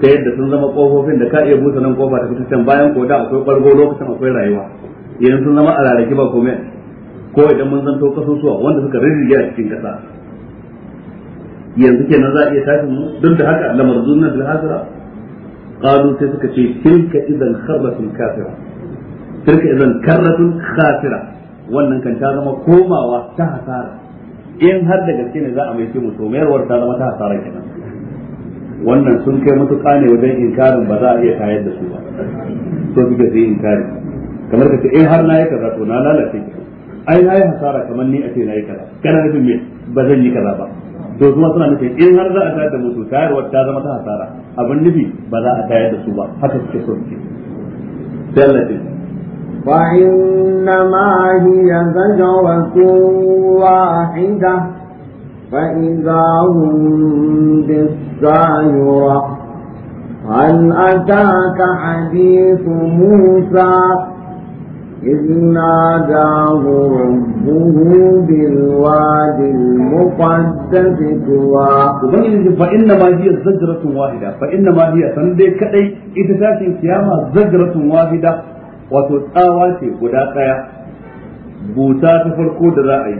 ta yadda sun zama kofofin da ka iya busa nan kofa ta fita can bayan koda akwai ɓargo lokacin akwai rayuwa idan sun zama a rarraki ba komai ko idan mun zanto kasusuwa wanda suka rirrige a cikin kasa yanzu kenan za a iya tashin mu duk da haka lamarzun zunar fil hasra qalu sai suka ce tilka idan kharratun kafira tilka idan karratun khasira wannan kan ta zama komawa ta hasara in har da gaske ne za a mai ce musu mayarwar ta zama ta hasara kenan wannan sun kai matuƙa ne wajen inkarin ba za a iya tayar da su ba so suke sai inkari kamar ka ce in har na yi kaza to na lalace ki ai na yi hasara kamar ni a ce na yi kaza kana nufin me ba zan yi kaza ba to kuma suna nufin in har za a tayar da musu tayarwar ta zama ta hasara abin nufi ba za a taya da su ba haka suke so suke tallafi wa inna ma hiya zajawatu wahida fa idza hum bisayura an ataka musa إذ ناداه ربه بالواد المقدس طوى وبنجد فإنما هي زجرة واحدة فإنما هي سندي كأي إذا تاتي القيامة زجرة واحدة وتتآواتي قداقيا بوتا تفرقو درائي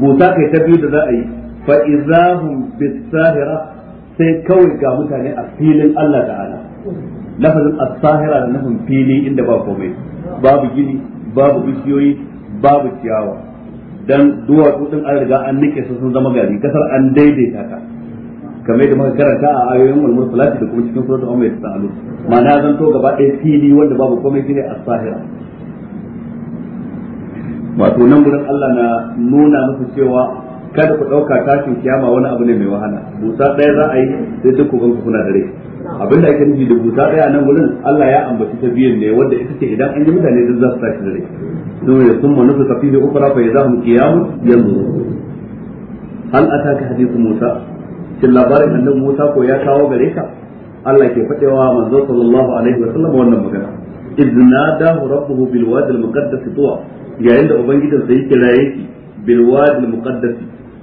بوتا كي تبيو درائي فإذا هم بالساهرة سيكوي قامتها لأفيل الله تعالى lafazin asahira da nufin fili inda ba komai babu gini babu bishiyoyi babu ciyawa dan duwatsu din an riga an nike su sun zama gari kasar an daidaita ta kamar da muka karanta a ayoyin al salati da kuma cikin suratul umar ta alu ma'ana zan to gaba ɗaya fili wanda babu komai shine asahira sahira wato nan gurin Allah na nuna musu cewa kada ku ɗauka tashin kiyama wani abu ne mai wahala busa ɗaya za a yi sai duk ku ganku kuna da rai abinda ake nufi da buta daya nan gurin Allah ya ambaci ta biyan ne wanda ita ce idan an yi mutane duk za su tashi da rai sun ya sun nufi kafi da ukura fa ya za mu kiyamu yanzu hal ataka hadithu Musa shin labarin annabi Musa ko ya kawo gare ka Allah ke fadewa manzo sallallahu alaihi wa sallam wannan magana iznadahu rabbuhu bil wadi al muqaddas tuwa yayin da ubangijin sa yake raye ki bil wadi al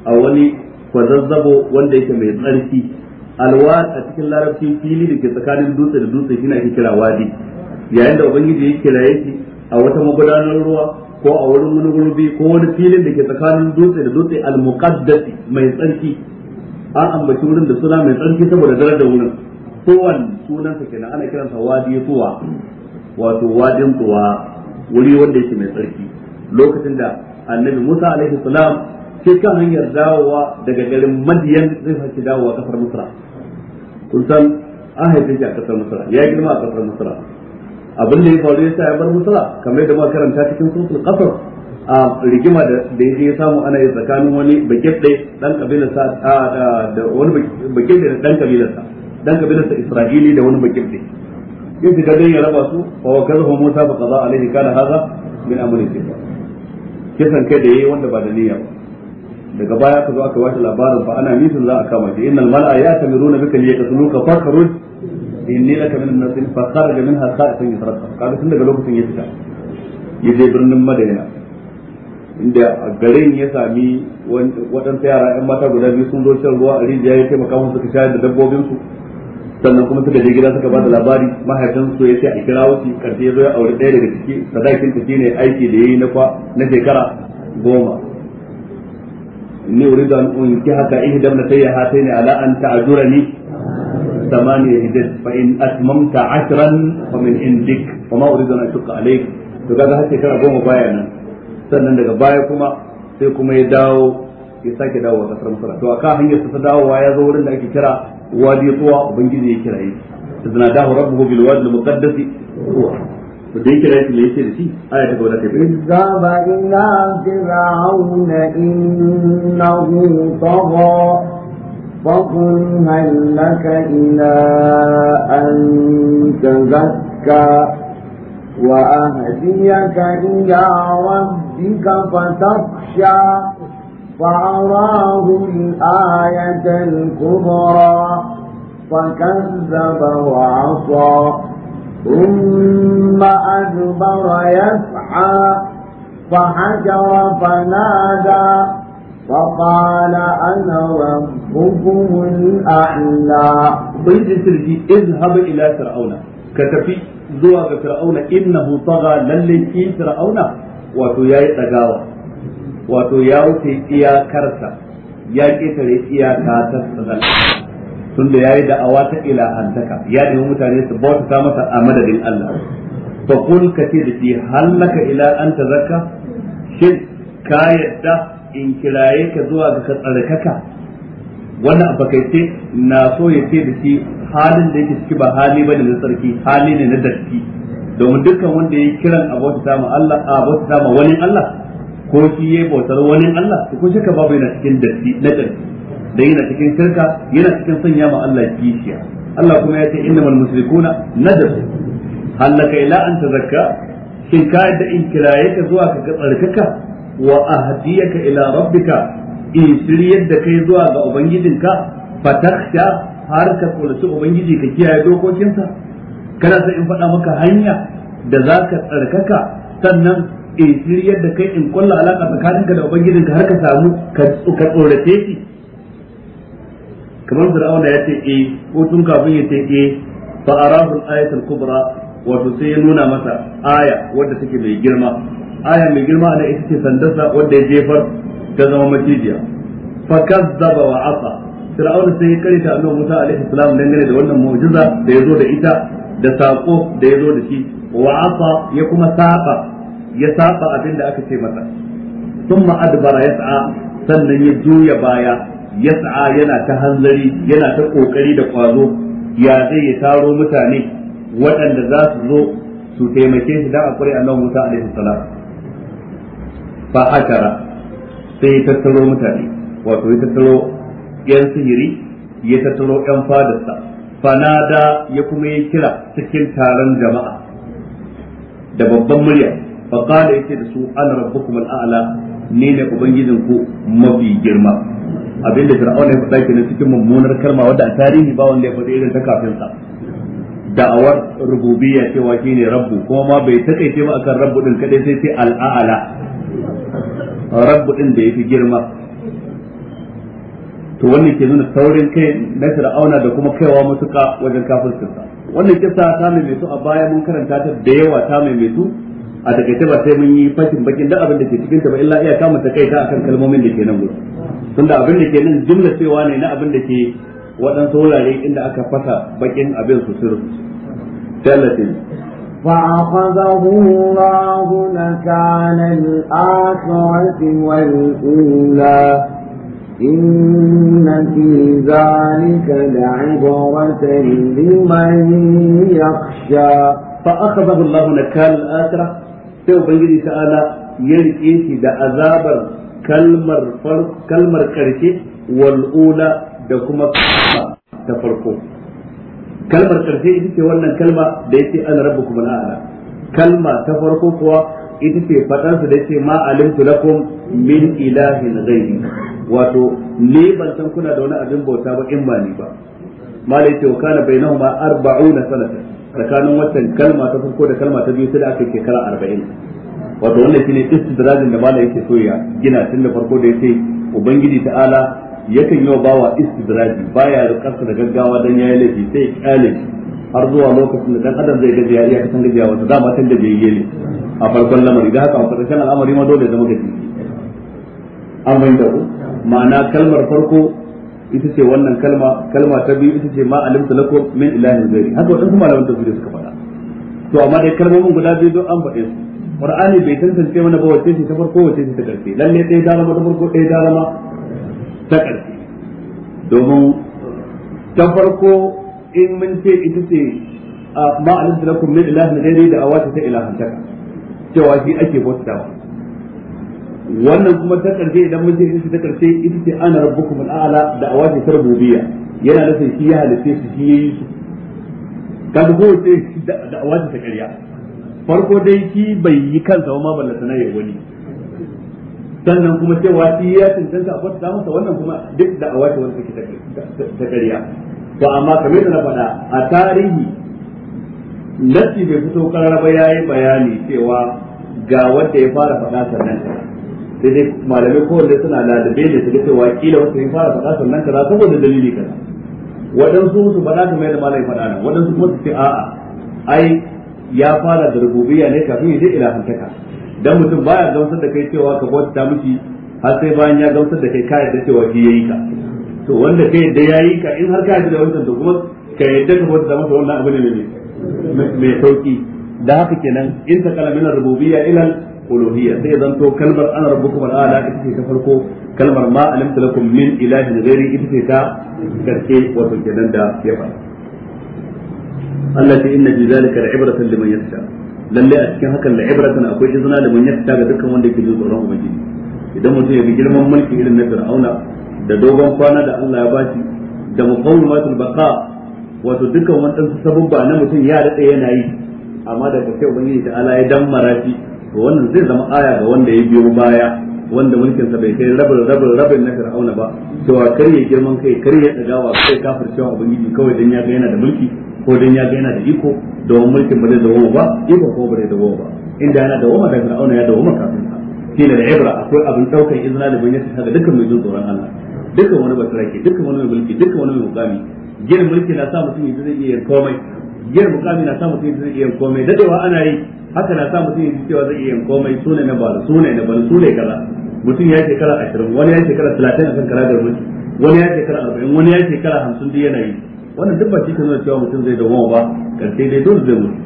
a wani kwazazzabo wanda yake mai tsarki alwad a cikin larabci fili da ke tsakanin dutse da dutse shine ake kira wadi yayin da ubangiji ya kira yake a wata magudanar ruwa ko a wurin wani gurbi ko wani filin da ke tsakanin dutse da dutse al-muqaddasi mai tsarki an ambaci wurin da suna mai tsarki saboda darajar wurin kowan sa kenan ana kiran sa wadi tuwa wato wadin tuwa wuri wanda yake mai tsarki lokacin da annabi Musa alaihi salam ke kan hanyar dawowa daga garin Madiyan zai sake dawowa kafar Misra kun san an haife shi a kasar masara ya girma a kasar masara abin da ya faru ya sa ya bar masara kamar yadda muka karanta cikin sutul qasr a rigima da da ya samu ana yi tsakanin wani bakin dan kabilar sa da wani bakin da dan kabilar sa dan kabilar sa Isra'ili da wani bakin ɗaya ya shiga dan ya raba su fa wa kazahu Musa kaza a laifin kada haza min amurin kisan kai da yi wanda ba da niyya ba daga baya ka zo aka wata labarin fa ana mitin za a kama shi innal mal'a ya tamiruna bika liyaqtuluka fakhruj inni laka min an-nas fa kharaja minha sa'isan yasrafa kaga tun daga lokacin ya fita ya je birnin Madina inda a garin ya sami waɗansu yara 'yan mata guda biyu sun zo shan ruwa a rijiya ya taimaka musu suka shayar da dabbobinsu sannan kuma suka je gida suka ba da labari mahaifinsu ya ce a kira wuce karshe ya zo ya aure ɗaya daga ciki sadakin ta shine aiki da yayi na na shekara goma inni uridu an unkihaka ihda ibnatayya hatayn ala an ta'jurani ثمانية هدد فإن أتممت عشرا فمن عندك وما أريد أن أشق عليك فقال هذا شكرا قوم بايعنا سنن لك بايعكما سيكما يداو ya sake dawowa kasar masar to a kan hanyar ta dawowa ya zo wurin da ake kira wadi tsuwa ubangiji ya kira yi tazna dahu rabbuhu to da yake rafi mai ce da shi aya ta gaba da kai zaba ila fir'auna innahu tagha فقل هل لك إلى أن تزكى وأهديك إلى ربك فتخشى فأراه الآية الكبرى فكذب وعصى ثم أدبر يسعى فحجر فنادى فقال أنا ربكم الأعلى بيد سرجي اذهب إلى فرعون كتفي زوى فرعون إنه طغى للي فرعون wato ya yi tsagawa wato ya wuce iyakarsa ya ƙetare iyaka ta tsagawa Tun tunda yi da'awa ta ilahantaka ya nemi mutane su bauta masa a madadin Allah fa ka kace da shi hallaka ila an tazakka shin ka yadda in kiraye ka zuwa ga tsarkaka wannan ce na so ya ce da shi halin da yake ciki ba hali bane na sarki hali ne na datti domin dukkan wanda ya kiran abota ma Allah a abota ma wani Allah ko shi yayi bautar wani Allah ko shi ka babu yana cikin datti na datti da yana cikin shirka yana cikin sanya ma Allah kishiya Allah kuma ya ce innamal musrikuna najas halaka ila an tazakka shin ka yadda in kiraye ka zuwa ka tsarkaka wa ahdiyaka ila rabbika in shiryar da kai zuwa ga ubangijinka fatakhsha har ka kulci ubangiji ka kiyaye dokokinsa kana sai in faɗa maka hanya da za ka tsarkaka sannan in shiryar da kai in kulla alaka tsakaninka da ubangijinka har ka samu ka tsorace shi kamar fir'auna ya ce eh ko tun kafin ya ce eh fa arahu al-ayatul kubra wato sai ya nuna masa aya wadda take mai girma aya mai girma ana ita ce sandarsa wadda ya jefar ta zama macijiya fa kazzaba wa asa fir'auna sai ya karita annabi Musa alaihi salam dangane da wannan mu'jiza da ya zo da ita da sako da ya zo da shi wa asa ya kuma saba ya saba abin da aka ce masa thumma adbara yas'a sannan ya juya baya Ya sa'a yana ta hanzari yana ta kokari da kwazo ya zai ya taro mutane waɗanda za su zo su taimake shi da akwai annabi Musa alaihi salam fa hajara sai ya tattaro mutane wato ya tattaro yan sihiri ya tattaro yan fadarsa fanada ya kuma yi kira cikin taron jama'a da babban murya fa qala yace da su ana rabbukum al-a'la ni ne ubangijin ku mafi girma abinda fir'auna ya faɗa kenan cikin mummunar kalma wadda a tarihi ba wanda ya faɗi irin ta kafin sa da'awar rububiyya cewa ne, rabbu kuma ma bai takaice ba akan rabbu din kadai sai sai al'ala rabbu din da yafi girma to wannan ke nuna saurin kai na fir'auna da kuma kaiwa matuƙa wajen kafircinsa wannan kissa ta su a baya mun karanta ta da yawa ta su a takaice ba sai mun yi fashin bakin duk abin da ke cikin ta ba illa iya kama ta kai ta akan kalmomin da ke nan gudu tunda abin da ke nan jumla cewa ne na abin da ke waɗansu wurare inda aka fasa bakin abin su sirru tallatin فأخذه الله نكال الآخرة والأولى إن في ذلك لعبرة لمن يخشى فأخذه الله نكال الآخرة sai ubangiji ta'ala ya rike shi da azabar kalmar kalmar karshe wal ula da kuma kalma ta farko kalmar karshe ita ce wannan kalma da yace ana rabbukum al'ala kalma ta farko kuwa ita ce fadar su da yace ma alimtu lakum min ilahin ghairi wato ne ban san kuna da wani abin bauta ba in ba ni ba malai ce kana bainahuma 40 sanata. tsakanin watan kalma ta farko da kalma ta biyu sai da aka yi shekara arba'in wato wannan shine istidrajin da malai yake soya. gina tun da farko da yake ubangiji ta'ala yakan yi wa bawa istidraji baya rikarsa da gaggawa dan yayi laifi sai ya kyale har zuwa lokacin da dan adam zai gaji ya iya kasan gajiya da ma tun da bai yi a farkon lamari da haka a farkon al'amari ma dole zama gaji an bayyana ma'ana kalmar farko ita ce wannan kalma kalma ta biyu ita ce ma alimta lakum min ilahi ghairi haka wadansu malaman tafsiri suka faɗa to amma dai kalmomin guda biyu don an faɗe su qur'ani bai tantance mana ba wacce ce ta farko wacce ce ta karshe lalle ɗaya da zama ta farko ɗaya da zama ta karshe domin ta farko in mun ce ita ce ma alimta lakum min ilahi ghairi da awata ta ilahantaka cewa shi ake bautawa wannan kuma ta karshe idan mun ce ita ta karshe ita ce ana rabbukum al'ala da awaji ta rububiyya yana sai shi ya halice su shi yayi su kaga ko ce da awaji ta ƙarya farko dai shi bai yi kansa ba ma ballata na yayi wani sannan kuma cewa shi ya tantance a kwata masa wannan kuma duk da awaji wanda take ta ƙarya to amma kamar da na faɗa a tarihi lati bai fito karar ba yayi bayani cewa ga wanda ya fara faɗa sannan sai dai malamai kowanne suna ladabe da su ga cewa kila wasu sun fara faɗa sannan kaza saboda dalili kaza waɗansu su faɗa mai da malamai faɗa nan waɗansu kuma su ce a'a ai ya fara da rububiyya ne kafin ya je ila hantaka dan mutum baya gamsar da kai cewa ka bauta miki har sai bayan ya gamsar da kai ka yadda cewa ki yayi ka to wanda kai yarda yayi ka in har ka yarda da wancan to kuma ka yadda ka bauta masa wannan abu ne mai sauki da haka kenan in ta kalamin rububiyya ilal uluhiyya sai ya zanto kalmar ana rabbukum al'ala ita ce ta farko kalmar ma alimtu lakum min ilahin ghairi ita ce ta karshe wato kenan da ya fara Allah ta inna fi zalika la'ibratan liman yakhsha lalle a cikin hakan la'ibratan akwai izina liman yakhsha ga dukkan wanda yake jin tsoron ubangiji idan mutum ya bi girman mulki irin na fir'auna da dogon kwana da Allah ya bashi da muqawmatul baqa wato dukkan wannan sababba na mutum ya dade yana yi amma da kace ubangiji ta Allah ya dammara shi to wannan zai zama aya ga wanda ya biyo baya wanda mulkin sa bai kai rabin rabin rabin na fir'auna ba to a kare girman kai kare ya wa kai kafir cewa ubangiji kawai dan ya ga yana da mulki ko dan ya ga yana da iko domin mulkin ba zai dawo ba iko ko ba zai dawo ba inda yana da wama da fir'auna ya dawo kafin sa kina da ibra akwai abin daukan izina da bayyana ta ga dukkan mai jin tsoron Allah dukkan wani basirake dukkan wani mai mulki dukkan wani mai mukami gina mulki na sa mutum ya zai iya komai gina mukami na sa mutum ya zai iya komai dadewa ana yi haka na sa mutum ya ji cewa zai iya yin komai sune na bala sune na bala sune kaza mutum ya shekara ashirin wani ya shekara a akan kara da mutum wani ya shekara arba'in wani ya shekara 50 duk yana yi wannan duk ba shi ke nuna cewa mutum zai dawo ba karshe dai dole zai mutu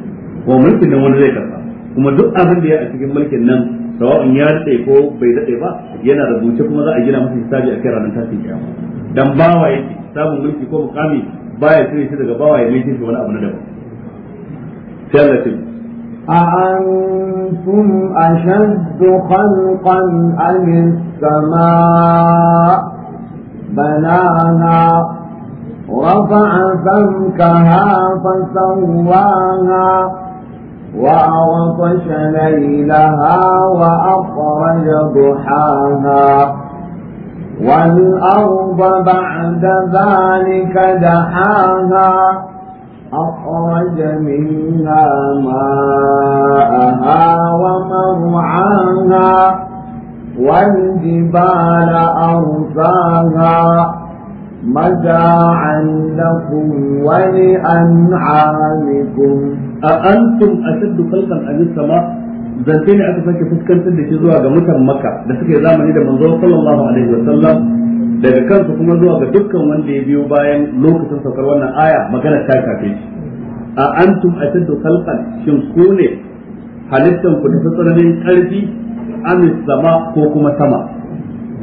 kuma mulkin nan wani zai karba kuma duk abin da ya a cikin mulkin nan sawa'un ya daɗe ko bai daɗe ba yana rubuce kuma za a gina masa hisabi a kai ranar tashin kiyama dan bawa yake samun mulki ko mukami baya cire shi daga bawa ya mai shi wani abu na daban sai Allah أأنتم أشد خلقا أم السماء بناها رفع سمكها فسواها وأغطش ليلها وأخرج ضحاها والأرض بعد ذلك دحاها أخرج منها ماءها ومرعاها والجبال أرساها متاعا لكم ولأنعامكم أأنتم أشد خلقا أم السماء zance ne aka sake fuskantar da shi zuwa ga mutan maka da suke zamani da manzo sallallahu alaihi wa sallam daga kansu kuma zuwa ga dukkan wanda ya biyo bayan lokacin saukar wannan aya magana ta kafe shi a antum ashaddu khalqan shin ku ne ku tafi tsananin karfi amis sama ko kuma sama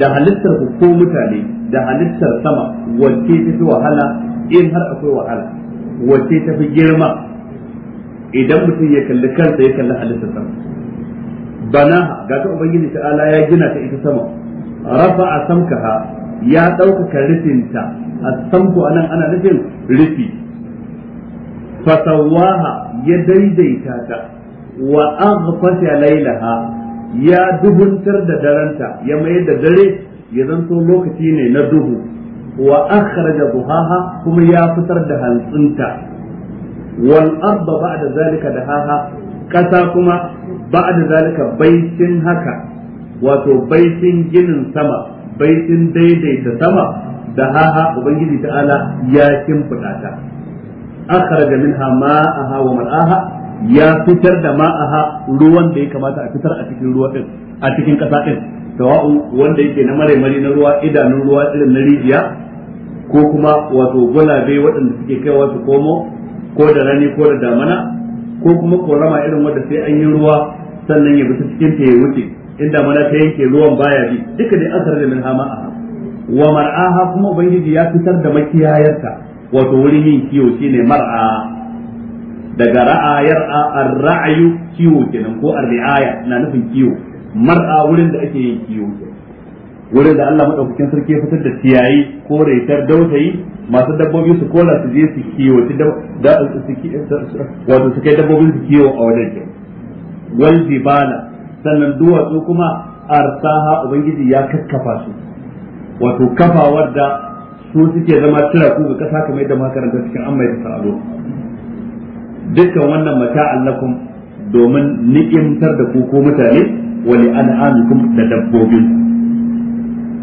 da halittar ku ko mutane da halittar sama wacce ta fi wahala in har akwai wahala wacce ta fi girma idan mutum ya kalli kansa ya kalli halittar sama bana ga ta ubangiji ta'ala ya gina ta ita sama rafa'a samkaha ya ɗaukaka rufinta a samku anan ana nufin rufi fasawaha ya daidaita ta wa lailaha ya duhuntar da daranta ya mayar da dare ya zanto lokaci ne na duhu wa akhraja duhaha kuma ya fitar da hantsinta wal arda ba'da zalika dahaha kasa kuma ba'da zalika baitin haka wato baitin ginin sama baitin daidaita sama da haha ubangiji ta'ala ya kimfuta ta akhraja minha ma'aha wa mar'aha ya fitar da ma'aha ruwan da ya kamata a fitar a cikin ruwa din a cikin kasa din sawa'un wanda yake na mare-mari na ruwa idanun ruwa irin na rijiya ko kuma wato gulabe waɗanda suke kaiwa su komo ko da rani ko da damana ko kuma korama irin wanda sai an yi ruwa sannan ya bi cikin ta ya wuce inda mana ta yanke ruwan baya bi duka dai asar da min hama wa mar'aha kuma ubangiji ya fitar da makiyayarta wato wurin yin kiwo shine mar'a daga ra'a yar'a ar-ra'yu kiwo kenan ko ar-ri'aya na nufin kiwo mar'a wurin da ake yin kiwo wurin da Allah madaukakin sarki ya fitar da ciyayi ko raitar dausayi masu dabbobi su kola su je su kiwo da wato su kai dabbobin su kiwo a wajen ke wal jibala sannan duwatsu kuma arsaha ubangiji ya kakkafa su wato kafawar da su suke zama ku ga kasa kamar yadda makaranta cikin amma ya da sa'ado dukkan wannan mata allakum domin ni'imtar da ku ko mutane wa li an'amikum da dabbobin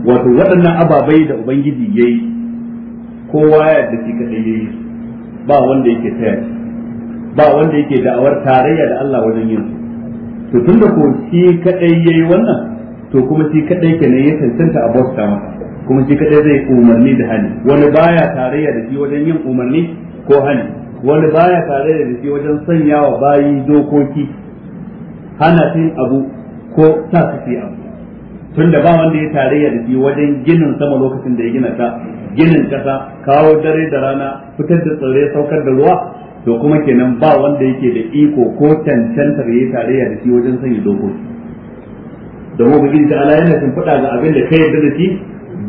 wato waɗannan ababai da ubangiji yayi kowa ya da shi kadai yayi ba wanda yake taya ba wanda yake da'awar tarayya da Allah wajen yin su to tun da ko shi kadai yayi wannan to kuma shi kadai kenan ya tantanta a bauta masa kuma shi kadai zai umarni da hali wani baya tarayya da shi wajen yin umarni ko hali wani baya tarayya da shi wajen sanya wa bayi dokoki hana cin abu ko sa su fi abu tun da ba wanda ya tarayya da shi wajen ginin sama lokacin da ya gina ta ginin kasa kawo dare da rana fitar da tsare saukar da ruwa to kuma kenan ba wanda yake da iko ko cancantar yayi tarayya da shi wajen sanya dokoki domin ubangiji ta ala yana sun fada ga abin da kai yadda da shi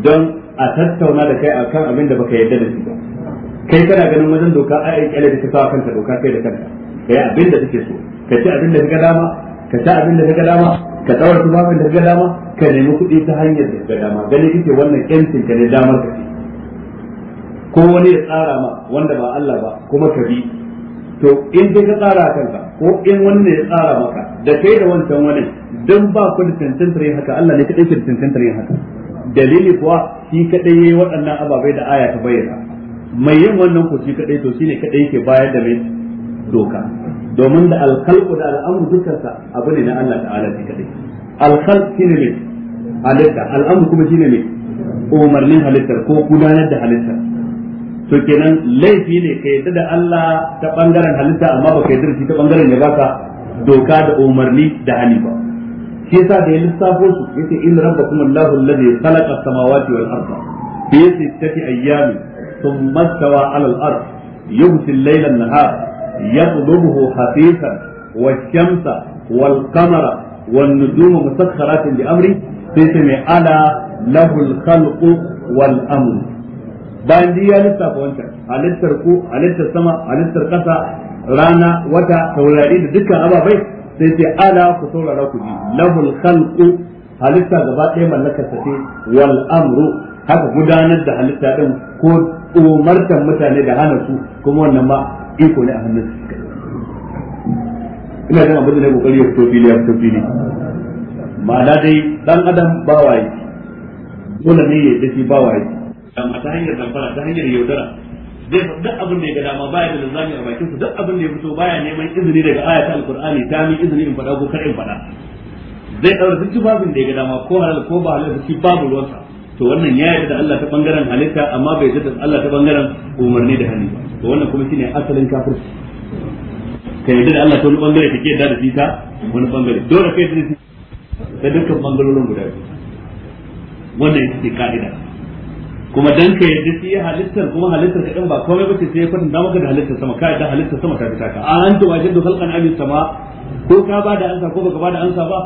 don a tattauna da kai akan abin da baka yadda da shi ba kai kana ganin wajen doka a yi kyale da ka sa kanka doka kai da kanka kai abin da kake so ka ci abin da kaga dama ka ci abin da kaga dama ka tsawar tufafin da kaga dama ka nemi kuɗi ta hanyar da kaga dama gani kike wannan yancin ka ne damar ka ce ko wani ya tsara ma wanda ba Allah ba kuma ka bi to in dai ka tsara kanka ko in wani ne ya tsara maka da kai da wancan wani dan ba ku da tantantar yin haka Allah ne kadai ke da tantantar yin haka dalili kuwa shi kadai yayi waɗannan ababai da aya ta bayyana mai yin wannan ku shi kadai to shine kadai yake bayar da mai doka domin da alkalku da al'amru dukkansa abu ne na Allah ta'ala shi kadai alkal shine ne halitta al'amru kuma shine ne umarnin halittar ko gudanar da halittar to kenan laifi ne ka yadda da Allah ta bangaren halitta amma ba ka yadda shi ta bangaren ya baka doka da umarni da hali ba shi yasa da ya lissafo su yace in rabbakum Allahu alladhi khalaqa samawati wal arda bi sittati ayyamin thumma istawa 'ala al-arsh yughsi al-layla an-nahar yatlubuhu hafifan wash-shamsa wal-qamara wan-nujuma musakhkharatin bi amri sai sai mai ala lahu al-khalqu wal-amru bayan duk ya lissafa wancan halittar ku halittar sama halittar kasa rana wata taurari da dukkan ababai sai ce ala ku saurara ku ji lahul khalqu halitta gaba ɗaya mallakar sa ce wal amru haka gudanar da halitta din ko umartan mutane da hana su kuma wannan ma iko ne a hannun su ina jin abin da ne kokari ya fito fili ya fito fili ma'ana dai dan adam ba bawaye dole ne ya dace bawaye dan ta hanyar ta hanyar yaudara zai duk abin da ya ga dama baya da a bakin su duk abin da ya fito baya neman izini daga ayata alqur'ani ta mi izini in faɗa ko kar in faɗa zai daura duk babin da ya ga dama ko halal ko ba halal duk babu ruwansa to wannan ya yarda da Allah ta bangaren halitta amma bai yarda da Allah ta bangaren umarni da hannu to wannan kuma shine asalin kafirci ka yarda da Allah ta wani bangare kake yarda da shi ta wani bangare dole kai da dukkan bangarorin guda biyu wannan ita ce ka'ida kuma dan ka yadda shi ya halittar kuma halittar ka din ba komai bace sai ya kwatanta maka da halittar sama ka yadda halittar sama ta fita ka an to wajin da halqan abin sama ko ka ba da ansa ko baka ba da ansa ba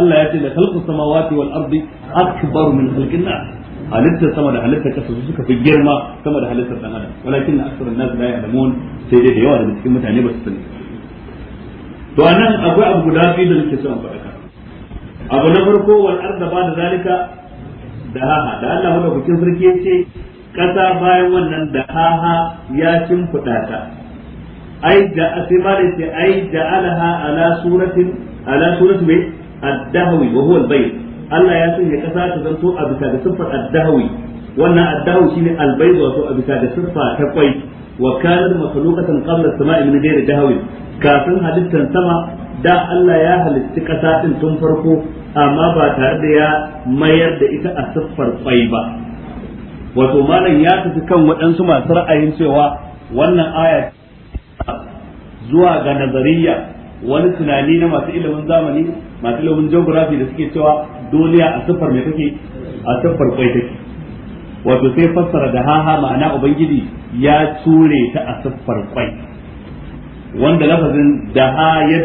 Allah ya ce la khalqu samawati wal ardi akbar min khalqin nas halittar sama da halittar kasa su suka fi girma sama da halittar dan adam walakin na aksarun nas la ya'lamun sai dai da yawa da cikin mutane ba su sani to anan akwai abu guda biyu da nake son faɗa abu na farko wal arda ba da zalika da haha da Allah madaukakin sarki ya ce kasa bayan wannan da haha ya shimfiɗa ta ai da sai ma da ce ai da alaha ala suratin ala suratu mai addahawi dahwi wa huwa al Allah ya sanya kasa ta zanto a bisa da siffar addahawi wannan addahawi shine al-bayt wato a bisa da siffa ta kwai wa kanat makhluqatan qabla as-sama'i min ghairi dahawin kafin halittar sama da Allah ya halicci kasa din tun farko amma ba tare da ya mayar da ita a siffar kwai ba wato malam ya tafi kan waɗansu masu ra'ayin cewa wannan aya zuwa ga nazariya wani tunani na masu ilimin zamani masu ilimin geography da suke cewa duniya a siffar mai take a siffar kwai take wato sai fassara da haha ma'ana ubangiji ya ture ta a siffar kwai wanda lafazin da ha ya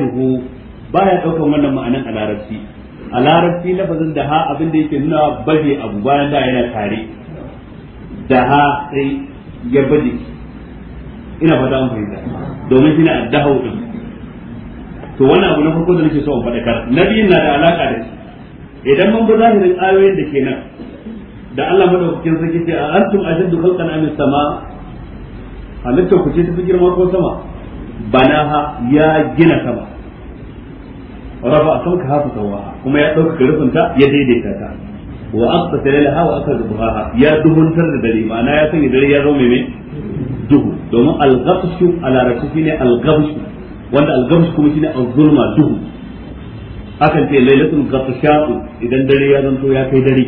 ba ya daukan wannan ma'anan a larabci a larabci lafazin da ha abin da yake nuna baje abu bayan da yana tare da ha sai ya baje ina fata an fahimta domin a dahau din to wannan abu na farko da nake so in faɗakar na biyun na da alaka da shi idan mun bi zahirin ayoyin da ke nan da Allah madaukakin sarki ce a antum ashaddu khalqan amin sama halitta ku ce ta girma ko sama banaha ya gina sama rafa sauka hafa sawaha kuma ya dauka rufinta ya daidaita ta wa aqsa lailaha wa aqsa duhaha ya duhuntar da dare ma'ana ya sanya dare ya zama mai duhu domin al-ghabshu ala rasul ne al-ghabshu wanda al-ghabshu kuma shine az-zulma duhu akan ce lailatul ghabsha idan dare ya zanto ya kai dare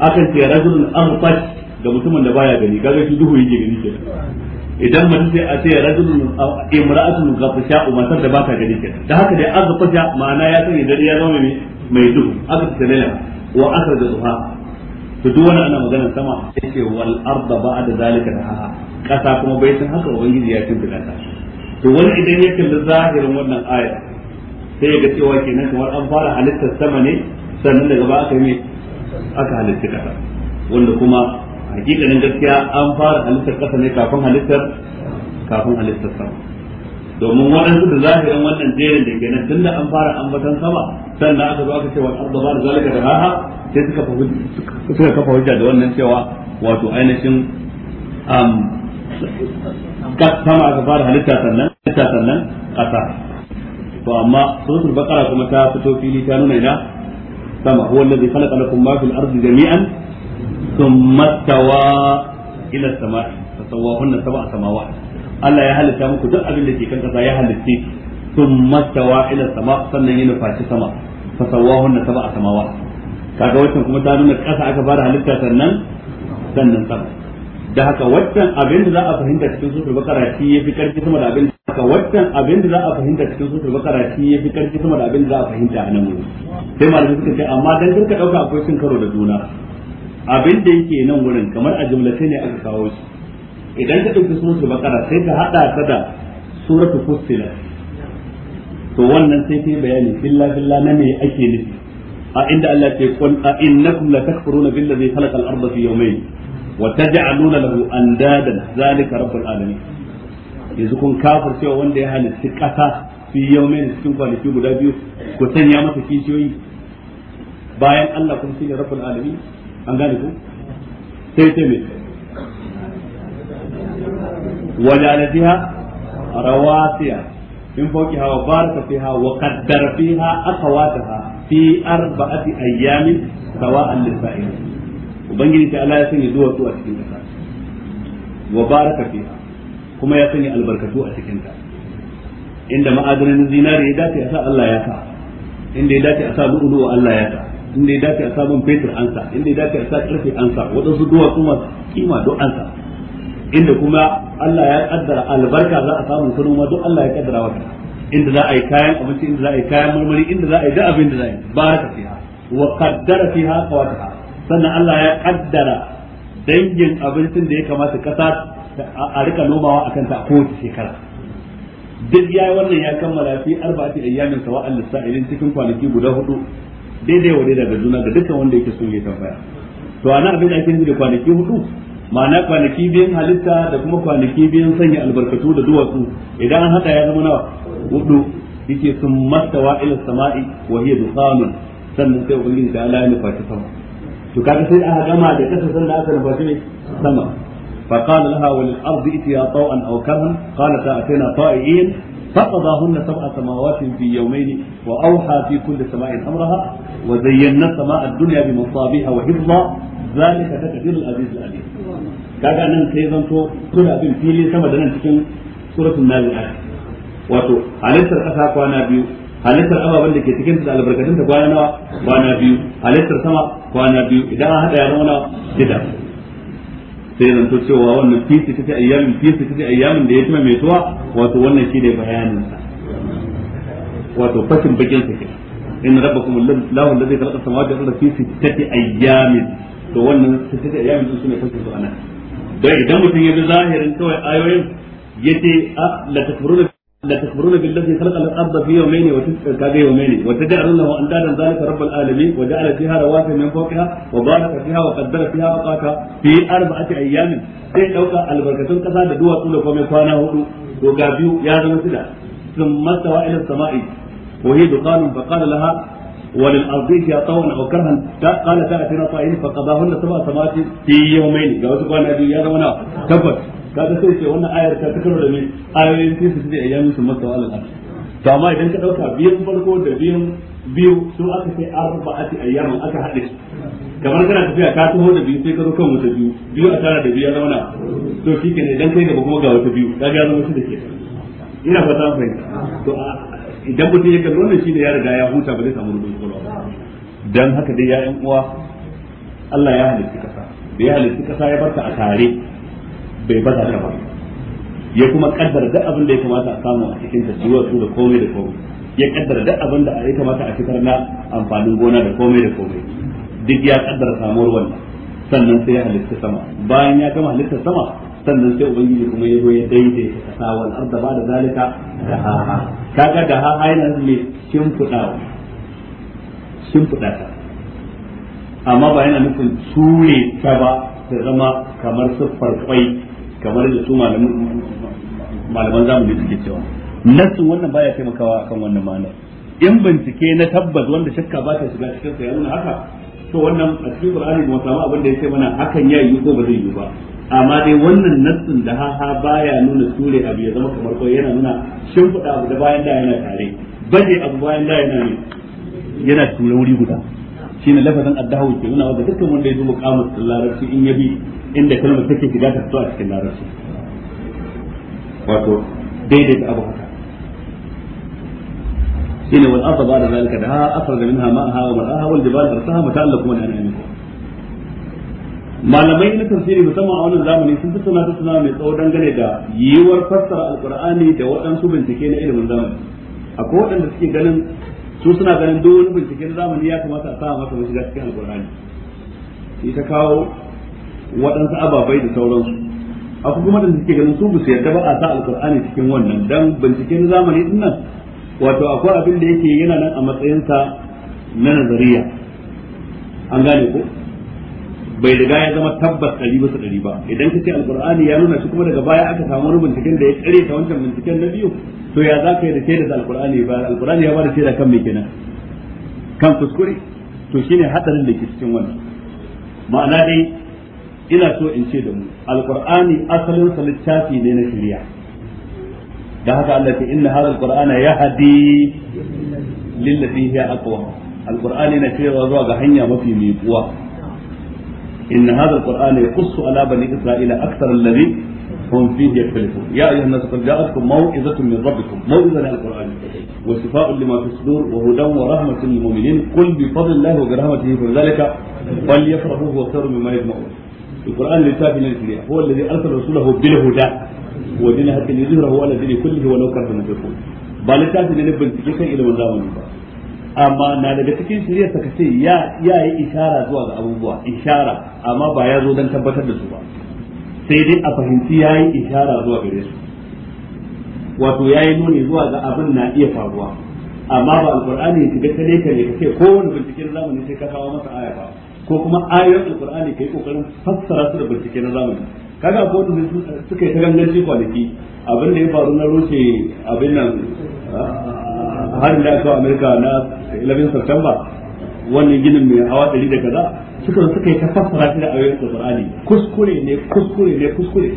akan ce rajulun arfat ga mutumin da baya gani kaga shi duhu yake gani ke idan mutum sai a ce rajulun imra'atun ghafsha matar da ba gani ke da haka dai azfasha ma'ana ya sani dare ya zama mai mai duhu aka ce lalla wa asar da duha to duk wani ana maganar sama yake wal arda ba'da zalika dahaha kasa kuma bai san haka ubangiji ya tuntuka ta to wani idan ya kalli zahirin wannan aya sai ya ga cewa kenan kamar an fara halittar sama ne sannan daga ba aka yi aka halitta kasa wanda kuma hakikanin gaskiya an fara halittar kasa ne kafin halittar kafin halittar sama domin waɗansu da zahirin wannan jerin da ke nan da an fara ambatan sama sannan aka zo aka cewa wal arda ba'da zalika da raha sai suka suka kafa hujja da wannan cewa wato ainihin um sama aka fara halitta sannan halitta sannan kasa to amma sun bakara kuma ta fito fili ta nuna ina sama huwa alladhi khalaqa lakum ma fil ardi jami'an thumma tawa ila as-sama'i fasawwahunna sab'a samawat Allah ya halitta muku duk abin da ke kan kasa ya halitta thumma tawa ila as-sama' sannan ya sama kaga wancan kuma ta nuna ƙasa aka fara halitta sannan sannan sama da haka wancan abin da za a fahimta cikin sura bakara shi fi karfi sama da abin ka wancan abin da za a fahimta cikin sutur bakara shi ya fi karfi sama da abin da za a fahimta a nan wurin sai malamai suka ce amma dan karka dauka akwai cin karo da juna abin da yake nan wurin kamar a jumlatai ne aka kawo shi idan ka ɗauki suratul baqara sai ka hada ta da suratul fussilat to wannan sai ta bayani billa billa na me ake nufi a inda Allah ke qul a innakum latakfuruna billazi khalaqa al-ardha fi yawmayn wa taj'aluna lahu andadan zalika rabbul alamin yanzu kun kafir cewa wanda ya halitta kasa fi yawmin cikin kwanaki guda biyu ku sanya masa kishiyoyi bayan Allah kun shine rabbul alamin an gane ku sai ta me wajalatiha rawasiya in fauki hawa baraka fiha wa qaddara fiha aqwataha fi arba'ati ayyamin sawa'an lisa'il ubangiji ta Allah ya sanya duwatsu a cikin kasa wa baraka fiha kuma ya sanya albarkatu a cikinta inda ma'adanin zinari ya dace a sa Allah ya sa inda ya dace a sa lu'ulu Allah ya sa inda ya dace a sa man fetur an sa inda ya dace a sa karfe an sa waɗansu duwatsu masu kima duk an sa inda kuma Allah ya kaddara albarka za a samu ta ma duk Allah ya kaddara wata inda za a yi kayan abinci inda za a yi kayan marmari inda za a yi da abin da za a yi baraka fiha wa qaddara fiha qawataha sannan Allah ya kaddara dangin abincin da ya kamata kasa a rika nomawa a ta a kowace shekara duk yayi wannan ya kammala fi arba'ati ayyamin sawa'an lisa'ilin cikin kwanaki guda hudu daidai wa daidai ga juna ga dukkan wanda yake so ya tambaya to ana abin da ake nufi da kwanaki hudu ma'ana kwanaki biyan halitta da kuma kwanaki biyan sanya albarkatu da duwatsu idan an hada ya zama nawa hudu yake sun mastawa ila sama'i wa hiya dukhanun sannan sai ubangiji da Allah ya nufa sama to kaga sai aka gama da kasa sannan aka nufa ne sama فقال لها وللأرض ائتيا طوعا أو كرها قالتا أتينا طائعين فقضاهن سبع سماوات في يومين وأوحى في كل سماء أمرها وزينا السماء الدنيا بمصابيح وحفظا ذلك تقدير العزيز العليم kaga nan sai zanto kula abin fili sama da nan cikin suratul nazi'at wato halittar kasa kwana biyu halittar ababen da ke cikin da albarkatun ta kwana nawa kwana biyu halittar sama kwana biyu idan an hada ya zama shida sai zan to cewa wannan fi su kace ayyamin fi su kace ayyamin da ya tuna mai tuwa wato wannan shine bayanin sa wato fashin bakin sa kenan in rabbakum allahu alladhi khalaqa samawati wal arda fi sittati ayyamin to wannan sittati ayyamin sun suna fashin su anan idan mutum ya bi zahirin kawai ayoyin yace a ah, la لا تخبرون بالذي خلق الارض في يومين كذا يومين له اندادا ذلك رب العالمين وجعل فيها رواسي من فوقها وبارك فيها وقدر فيها وقاك في اربعه ايام sai دوكا البركه kasa da طول قوم كانا kwana hudu يا ga ثم استوى الى السماء وهي دخان فقال لها وللأرض يا طوعا أو كرها قالت تأتينا طائعين فقضاهن سبع سماوات في يومين قالوا سبحان أبي يا زمنا تبت kaga sai ce wannan ayar ta tukar da me ayoyin sai su da ayyamin su masa wa al'ad to amma idan ka dauka biyan farko da biyan biyu su aka sai a arba'ati ayyamin aka hade su kamar kana tafiya ka taho da biyu sai ka zo kan wata biyu biyu a tara da biyu ya zama na to shi shikenan idan kai gaba kuma ga wata biyu kaga ya zama shi da ke ina fata fahimta to idan mutum ya kalli wannan shine ya riga ya huta ba zai samu rubutun kwalwa dan haka dai ya yan uwa Allah ya halitta kasa da ya halitta kasa ya barta a tare bai baza ka ba ya kuma kaddara duk abin da ya kamata a samu a cikin tasiriwa su da komai da komai ya kaddara duk abin da ya kamata a fitar na amfanin gona da komai da komai duk ya kaddara samuwar wannan sannan sai ya halitta sama bayan ya gama halitta sama sannan sai ubangiji kuma ya zo ya daidaita kasa wal arda ba da zalika da ha ha kaga da ha ha yana ne shimfiɗawa shimfiɗa ta amma ba yana nufin ture ta ba ta zama kamar siffar kwai kamar da su malaman zamani suke cewa nasu wannan baya taimakawa kan wannan ma'ana in bincike na tabbas wanda shakka ba ta shiga cikin sa ya nuna haka to wannan a cikin qur'ani ba samu abin da yake mana hakan ya yi ko ba zai yi ba amma dai wannan nassin da ha ha baya nuna sure abu ya zama kamar ko yana nuna fada abu da bayan da yana tare baje abu bayan da yana ne. yana tura wuri guda shine lafazin addahu ke nuna wanda dukkan wanda ya zo muqamat sallarati in yabi inda kalmar take shiga ta fito a cikin larabci wato daidai da abu haka shine wal arda ba'da zalika da asrar minha ma'aha wa mar'aha wal jibala arsaha mata'allakum wa anamikum malamai na tafsiri musamman a wannan zamani sun tattauna tattauna mai tsawo dangane da yiwuwar fassara alkur'ani da waɗansu bincike na ilimin zamani akwai waɗanda suke ganin su suna ganin duk wani bincike na zamani ya kamata a sa masa shiga cikin alkur'ani ita kawo waɗansu ababai da sauransu akwai kuma da suke ganin su su yadda ba a sa alkur'ani cikin wannan dan bincike na zamani din nan wato akwai abin da yake yana nan a matsayinsa na nazariya an gane ko bai riga ya zama tabbas ɗari bisa ɗari ba idan ka ce alkur'ani ya nuna shi kuma daga baya aka samu wani binciken da ya tsare ta wancan binciken na biyu to ya za ka yi da shaida da alkur'ani ba alkur'ani ya ba da shaida kan mai kenan kan kuskure to shine hatsarin da ke cikin wannan ma'ana dai ina so in ce da mu alqur'ani asalin sa littafi ne na shari'a da haka Allah ke inna hadha alqur'ana yahdi lil ladhi hiya aqwa alqur'ani na cewa zuwa ga hanya mafi miƙuwa inna hadha alqur'ana yaqussu ala bani isra'ila akthar alladhi هم فيه يختلفون يا ايها الناس قد جاءتكم موعظه من ربكم موعظه من القران وشفاء لما في الصدور وهدى ورحمه للمؤمنين قل بفضل الله وبرحمته فلذلك فليفرحوا هو خير مما يجمعون القرآن للتافه للشريعة هو الذي أرسل رسوله بالهدى ودين حتى يظهره على الدين كله ولو كره المشركون ba littafi ne na bincike kan ilimin zamani ba amma na daga cikin shirya ta kace ya ya yi ishara zuwa ga abubuwa ishara amma ba ya zo dan tabbatar da su ba sai dai a fahimci ya yi ishara zuwa gare su wato ya yi nuni zuwa ga abin na iya faruwa amma ba alqur'ani ya shiga kare kare kace kowane binciken zamani sai ka kawo masa aya ba ko kuma ayoyin alkur'ani kai kokarin fassara su da bincike na zamani kaga ko da suka yi ta ganganci kwanaki abin da ya faru na rushe abin nan ah, har da aka Amerika na 11 September wannan ginin mai hawa ɗari da kaza suka suka yi ta fassara shi da ayoyin alkur'ani kuskure ne kuskure ne kuskure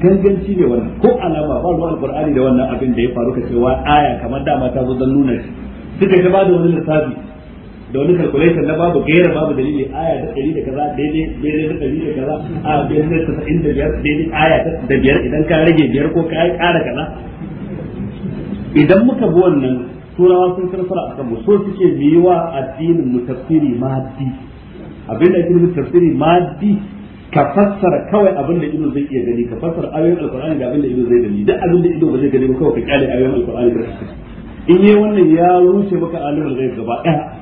ganganci ne wannan ko alama ba ruwan alkur'ani da wannan abin da ya faru ka cewa aya kamar dama ta zo don nuna shi suka ta bada wani lissafi da wani calculation na babu gera babu dalili aya da ɗari da kaza daidai daidai da ɗari da kaza a biyar da tasa'in da biyar daidai aya da biyar idan ka rage biyar ko ka kara kaza idan muka bi wannan turawa sun karfara a kanmu so suke biyuwa addinin mu tafsiri maddi abinda ake nufi tafsiri maddi ka fassara kawai abin da ido zai iya gani ka fassara ayoyin alkur'ani da abin da ido zai gani duk abin da ido ba zai gani ba kawai ka kyale ayoyin alkur'ani da in yi wannan ya rushe maka alimul ghaib gaba ɗaya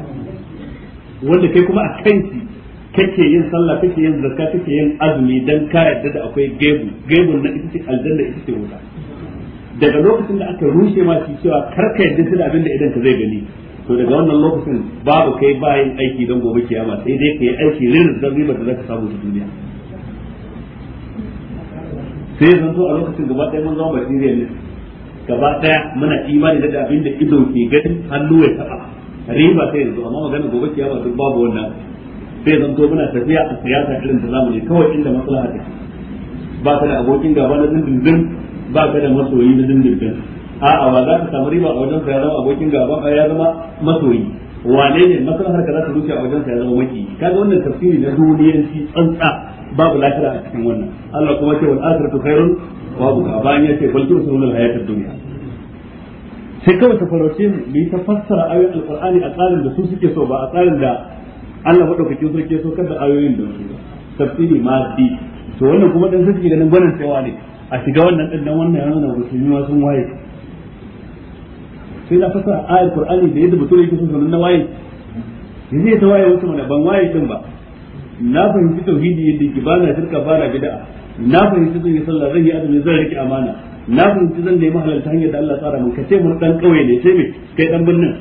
wanda kai kuma a kanki kake yin sallah kake yin zakka kake yin azumi dan ka yadda da akwai gebu gebun na ita ce aljanna ita ce wuta daga lokacin da aka rushe ma shi cewa kar ka yarda da abin da idan ka zai gani to daga wannan lokacin babu kai bayan aiki don gobe kiyama sai dai ka yi aiki ririn don ribar da zaka samu da duniya sai zan so a lokacin gaba ɗaya mun zama materialist gaba ɗaya muna imani da abin da ido ke gani hannu ya taɓa riba sai yanzu amma magana gobe kiyama duk babu wannan sai to muna tafiya a siyasa irin ta zamani kawai inda maslaha take ba ka da abokin gaba na dindindin ba ka da masoyi na dindindin a'a ba za ka samu riba a wajen sa ya zama abokin gaba eh, ya zama masoyi wane ne maslahar ka za ta zuciya a wajen sa ya zama maki kaga wannan tafsiri na duniyanci tsantsa babu lafiya a cikin wannan Allah kuma ce wal akhiratu khairun abu ka bayan ya ce kullu sunul hayatid dunya sai kawai ta farauce ne mai ta fassara ayoyin alkur'ani a tsarin da su suke so ba a tsarin da Allah madaukakin sarki so kada ayoyin da su tafsiri ma bi to wannan kuma dan suke ganin gwanin cewa ne a shiga wannan din dan wannan yana da musulmi ma sun waye sai na fassara ayar alkur'ani da yadda mutum yake so sanan na waye yanzu ya ta waye wasu mana ban waye din ba na fahimci tauhidi yadda yake ba na shirka ba na bid'a na fahimci zan yi sallah zan yi azumi zan rike amana na fahimci zan nemi halal ta hanyar da Allah tsara mun ce mun dan kauye ne sai me kai dan birnin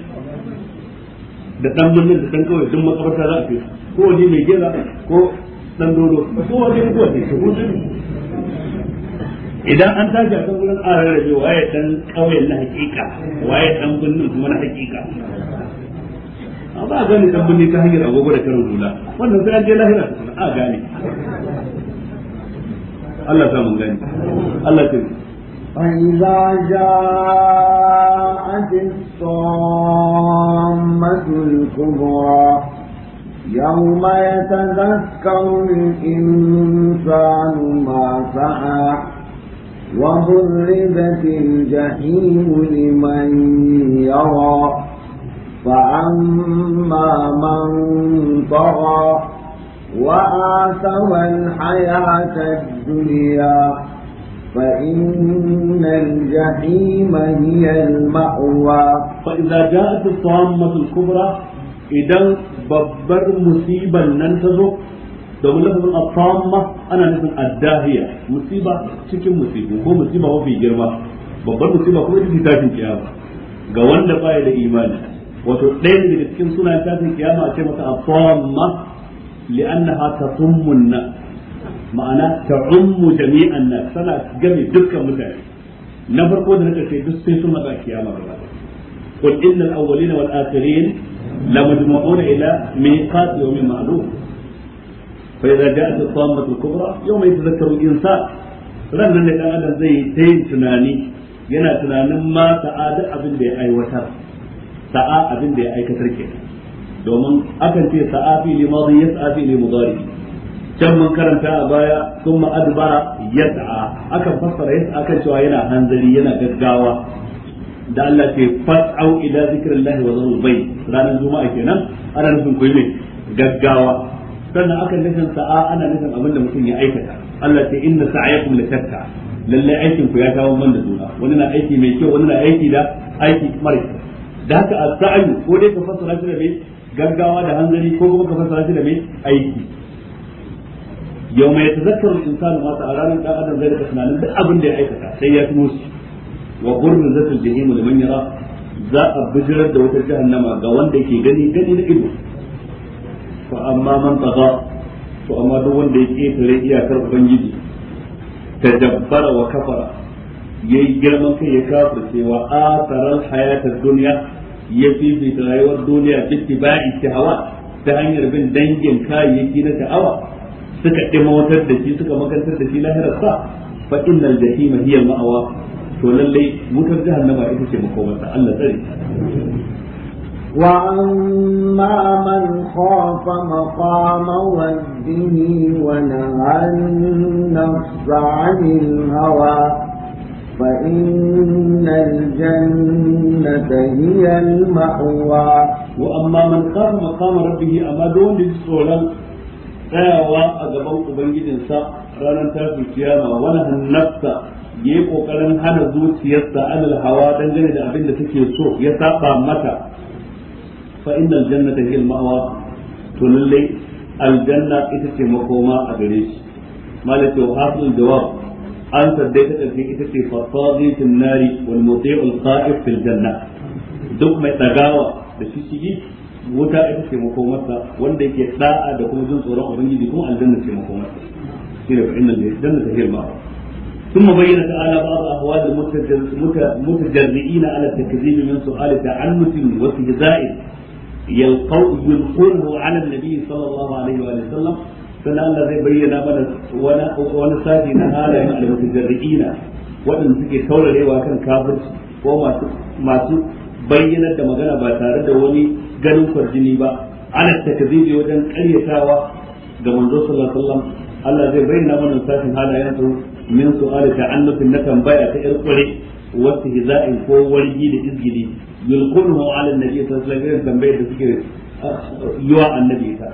da dan birnin da dan kauye duk makabarta za a fi ko wani mai gera ko dan dodo ko wani ko wani ko idan an tashi a kan wurin ararrabe waye dan kauyen na hakika waye dan birnin kuma na hakika a ba gani dan birni ta hanyar agogo da karin hula wannan sai an je lahira a gani Allah ta mun gani Allah ta فإذا جاءت الصامة الكبرى يوم يتذكر الإنسان ما سعى وبرزت الجحيم لمن يرى فأما من طغى وآثر الحياة الدنيا فإن الجحيم هي المأوى فإذا جاءت الطامة الكبرى إذا ببر مصيبا ننتظر domin lafazin attamma ana nufin addahiya musiba cikin musibu ko musiba mafi girma babbar musiba kuma ita tashin kiyama ga wanda baya da imani wato ɗaya daga cikin suna tashin kiyama a ce masa attamma li'annaha ma'ana ta ummu jami'an nas sana game dukkan mutane na farko da na karshe duk sai sun matsa kiyama gaba qul innal awwalina wal akhirin lamajmu'una ila miqat yawmin ma'lum fa idza ja'at as-sammah al-kubra yawma yatadhakkaru al-insan ranan da adam zai ta tunani yana tunanin ma sa'ada abin da ya aiwatar sa'a abin da ya aikatar kenan domin akan ce sa'a fi limadi yas'a fi limudari can mun karanta a baya sun yadda yad'a akan fassara yad'a akan cewa yana hanzari yana gaggawa da Allah ce fas'au ila zikrillah wa zarul bay ranar juma'a kenan ana nufin koyi ne gaggawa sannan akan nufin sa'a ana nufin abin da mutum ya aikata Allah ce inna sa'ayakum latatta lalle aikin ku ya kawo man da juna wani na aiki mai kyau wani na aiki da aiki mara kyau da haka as-sa'yu ko dai ka fassara shi da mai gaggawa da hanzari ko kuma ka fassara shi da mai aiki yau mai tazakkaru insanu ma ta ranar dan adam zai rika tunanin duk abin da ya aikata sai ya tuno shi wa zata zatul jahim liman yara za a bijirar da wata jahannama ga wanda ke gani gani na ido fa amma man taga to amma duk wanda ya ketare iyakar ubangiji tadabbara wa kafara yayi girman kai ya cewa a ataral hayatar duniya ya fifita rayuwar duniya bitti ba'i hawa ta hanyar bin dangin kayayyaki na ta'awa suka dimautar da shi suka makantar da shi lahirar sa fa innal jahima hiya ma'awa to lallai wutar jahannama ita ce makomarsa Allah tsare وأما من خاف مقام ربه ونهى النفس عن الهوى فإن الجنة هي المأوى وأما من خاف مقام ربه amma دون السؤال tsayawa a gaban ubangijinsa ranar tafi kiyama wani hannarsa ya yi hana zuciyarsa anil hawa dangane da abin da take so ya saba mata fa inna aljannata hiya al-ma'wa to lalle aljanna ita ce makoma a gare shi malaka wa hasul jawab an saddai ta karshe ita ce fasadi fil wal muti'u al fil janna duk mai dagawa da shi wuta ita ce masa wanda yake da'a da kuma jin tsoron ubangiji kuma aljanna ce makomarsa shi ne fa'in da aljanna ta hilma ثم بين تعالى بعض أحوال المتجرئين على التكذيب من سؤال تعنت واستهزاء يلقونه على النبي صلى الله عليه وآله وسلم sannan Allah zai bayyana mana wani sati na halayen almutajarri'ina waɗanda suke taurarewa kan kafirci ko masu bayyanar da magana ba tare da wani ganin kwarjini ba ana takzibi wajen ƙaryatawa ga manzo sallallahu alaihi wasallam Allah zai bayyana mana sashin halayen su min ta ta'annufin na tambaya ta yar kware wasu hiza'in ko wargi da izgidi yulkunuhu ala annabi sallallahu alaihi wasallam tambayar da suke yiwa annabi ta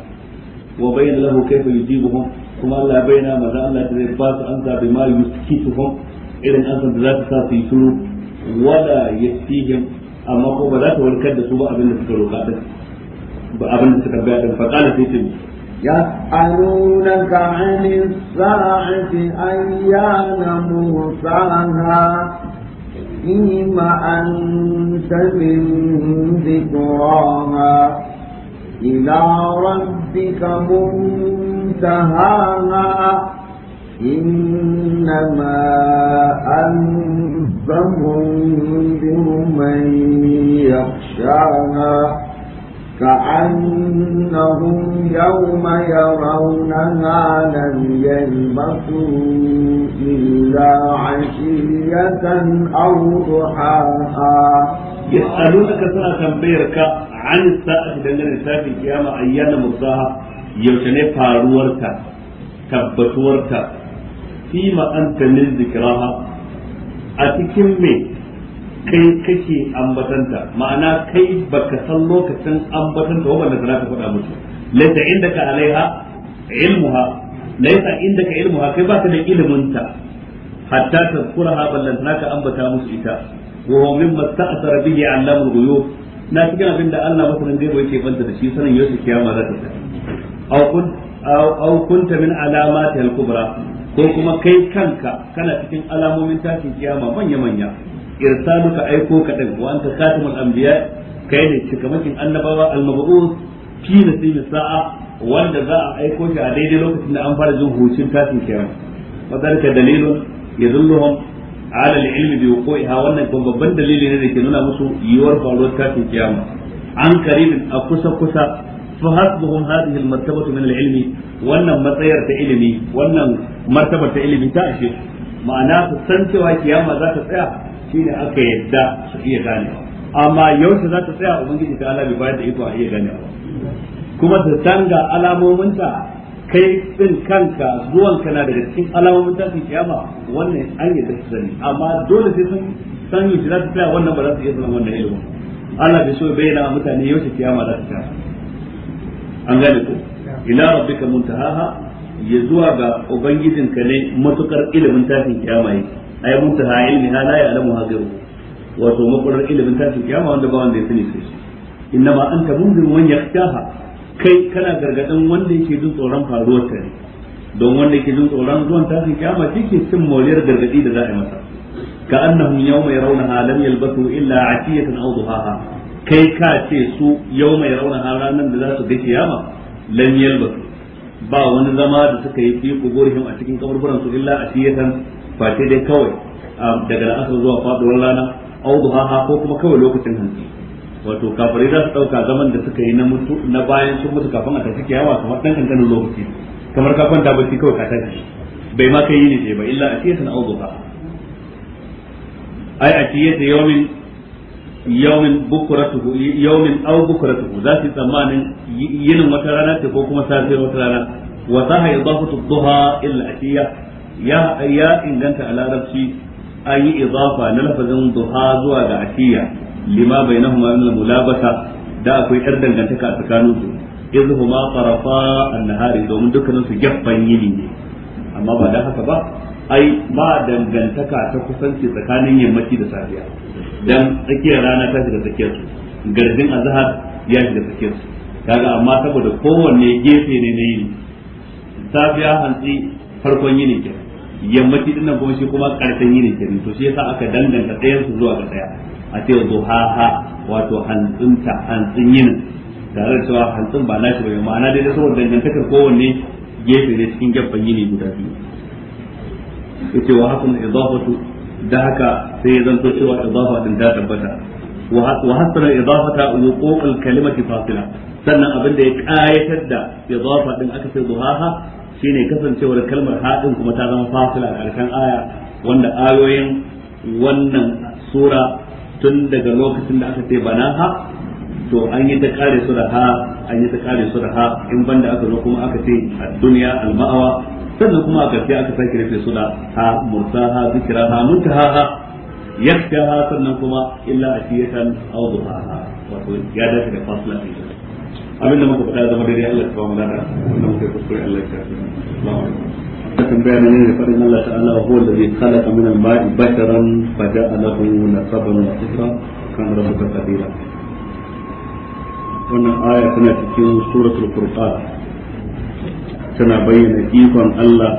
wa bayyana lahu kayfa yujibuhum kuma Allah bayyana maza Allah ta zai ba su amsa bima yuskituhum irin amsa da za ta sa su yi shiru wala yastihim amma ko ba za ta warkar da su ba abin da suka roƙa din ba abin da suka bayar din fa qala sai ce يسألونك عن الساعة أيان مرساها فيم أنت من ذكراها إلى ربك إنما أنت منذر من يخشاها كأنهم يوم يرونها لم يلبثوا إلا عشية أو ضحاها يسألونك سنة تنبيرك عن الساعة دنجل ساعة القيامة أيان مرضاها يوشني فاروارتا تبتورتا fima anta min zikraha a cikin me kai kake ambatanta ma'ana kai baka san lokacin ambatanta wanda za ka faɗa musu Laita laysa indaka alaiha ilmuha laysa indaka ilmuha kai baka da ilimin ta hatta tazkuraha ballantana ka ambata musu ita wa huwa mimma ta'athara bihi 'allamul ghuyub na cikin abin da Allah masanin gaibo yake banta da shi sanin yau kiyama za ta ta aw kun aw kunta min alamati al-kubra ko kuma kai kanka kana cikin alamomin tashin kiyama manya manya maka aiko ka din wa anta khatimul anbiya kai ne cikamakin annabawa al-mab'uth fi nasibi sa'a wanda za a aiko shi a daidai lokacin da an fara jin hucin tashin kiyama wadalika dalilun yadulluhum ala al-ilmi bi wuqu'iha wannan kuma babban dalili ne da ke nuna musu yiwuwar faruwar tashin kiyama an karibin a kusa kusa fa hasbuhum hadhihi al-martabatu min al-ilmi wannan matsayar ta ilimi wannan martabar ta ilimi ta ashe ma'ana san cewa kiyama za ta tsaya shine aka yadda su iya ganewa amma yaushe za ta tsaya ubangiji da a iya ganewa kuma da sanga alamominta kai din kanka zuwan kana daga cikin alamomin tashin kiyama wannan an yi su sani amma dole sai sun san yi za ta tsaya wannan ba za su iya sanin wannan ilimin Allah bai so bayyana mutane yau ta kiyama za ta tsaya an gane ko ila rabbika muntahaha ya zuwa ga ka ne matukar ilimin tashin kiyama yake ay muntaha ilmi la ya'lamu hadiru wato makurar ilimin tafin kiyama wanda ba wanda ya sani sai shi innama anta munzir man yaktaha kai kana gargadin wanda yake jin tsoron faruwar ta ne don wanda yake jin tsoron zuwan tafin kiyama cikin cin moriyar gargadi da za a yi masa ka annahum yawma yarawnaha lam yalbasu illa atiyatan aw duhaha kai ka ce su yau mai rauna a ranar da za su ga kiyama lan yalba ba wani zama da suka yi fi kuburihim a cikin kaburburan su illa asiyatan face dai kawai daga la'asar zuwa faduwar rana audu ha ko kuma kawai lokacin hanci wato kafirai za su dauka zaman da suka yi na mutu na bayan sun mutu kafin a tafi kiyawa kamar dan kankanin lokaci kamar ka kwanta bacci kawai ka tashi bai ma kai yi ne ba illa asiyatan au duhaha ai asiyata yawmin yawmin bukuratuhu yawmin aw bukuratuhu za su tsammanin yin wata rana ce ko kuma safiyar wata rana wa saha idafatu duha illa ashiya ya ya inganta a larabci an yi idafa na lafazin duha zuwa ga ashiya lima bainahuma min mulabata da akwai yar dangantaka a tsakanin su izhuma tarafa an-nahari domin dukkanin su gaffan yini ne amma ba da haka ba ai ba dangantaka ta kusanci tsakanin yammaci da safiya dan tsakiyar rana ta shiga tsakiyar su garbin azhar ya shiga tsakiyar su kaga amma saboda kowanne gefe ne na yini safiya hantsi farkon yini ke yammaci dinnan kuma shi kuma karshen yini ke to shi yasa aka danganta ɗayan su zuwa ga ɗaya a ce ha wato ta hantsin yinin tare da cewa hantsin ba nashi ba ma'ana dai saboda dangantakar kowanne gefe ne cikin gefen yini guda biyu yace wa hakan idafatu da haka sai ya zanto cewa idafa din ta tabbata wa hasara idafata wuqu' al-kalimati fasila sannan abin da ya kayatar da idafa din aka sai duhaha shine kasancewar kalmar haɗin kuma ta zama fasila a aya wanda ayoyin wannan sura tun daga lokacin da aka ce banaha to an yi ta kare su da ha an yi ta kare su da ha in banda aka zo kuma aka ce a duniya al-ma'awa sannan kuma a ƙarshe aka sake rufe su da ha mursaha ha muntahaha yaktaha sannan kuma illa atiyatan ha duhaha wato ya dace da fasla ne abinda muka faɗa zama dare Allah ya kawo mana da wannan muka kuskure Allah ya kawo assalamu alaikum tambaya ne ne Allah ta'ala wa huwa allazi khalaqa min al-ma'i basharan fa ja'a lahu nasaban wa sifra kana rabbuka qadira wannan aya tana cikin suratul furqan tana bayyana ikon Allah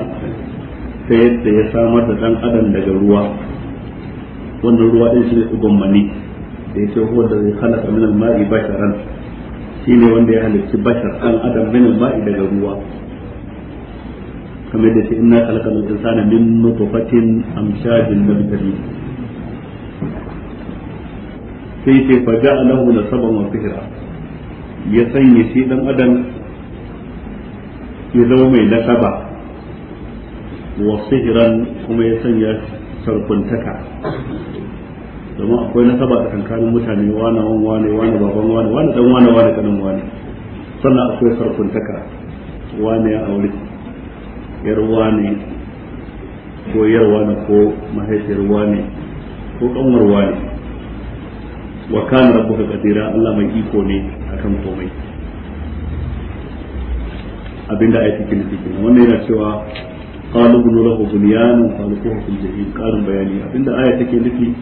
ta yadda ya samar da dan adam daga ruwa wannan ruwa din shine uban mani da yake huwa da zai halaka min al-ma'i basharan ne wanda ya halicci bashar dan adam min al-ma'i daga ruwa kamar da shi inna khalaqal insana min nutfatin amshajin nabtali sai ce fa ja'alahu nasaban wa fihra ya sanya shi dan adam ya zama mai nasaba wa sihiran kuma ya sanya sarkuntaka domin akwai nasaba a kankanin mutane wane wan wane wane baban wane wane dan wane wane kanin wane sannan akwai sarkuntaka wane ya aure yar wane ko yar wane ko mahaifiyar wane ko kanwar wane wa kana rabbuka qadira Allah mai iko ne akan komai abinda ai kina cikin wannan yana cewa qalu bunu lahu bunyanan faluquhu fil jahim qalu bayani abinda aya take nufi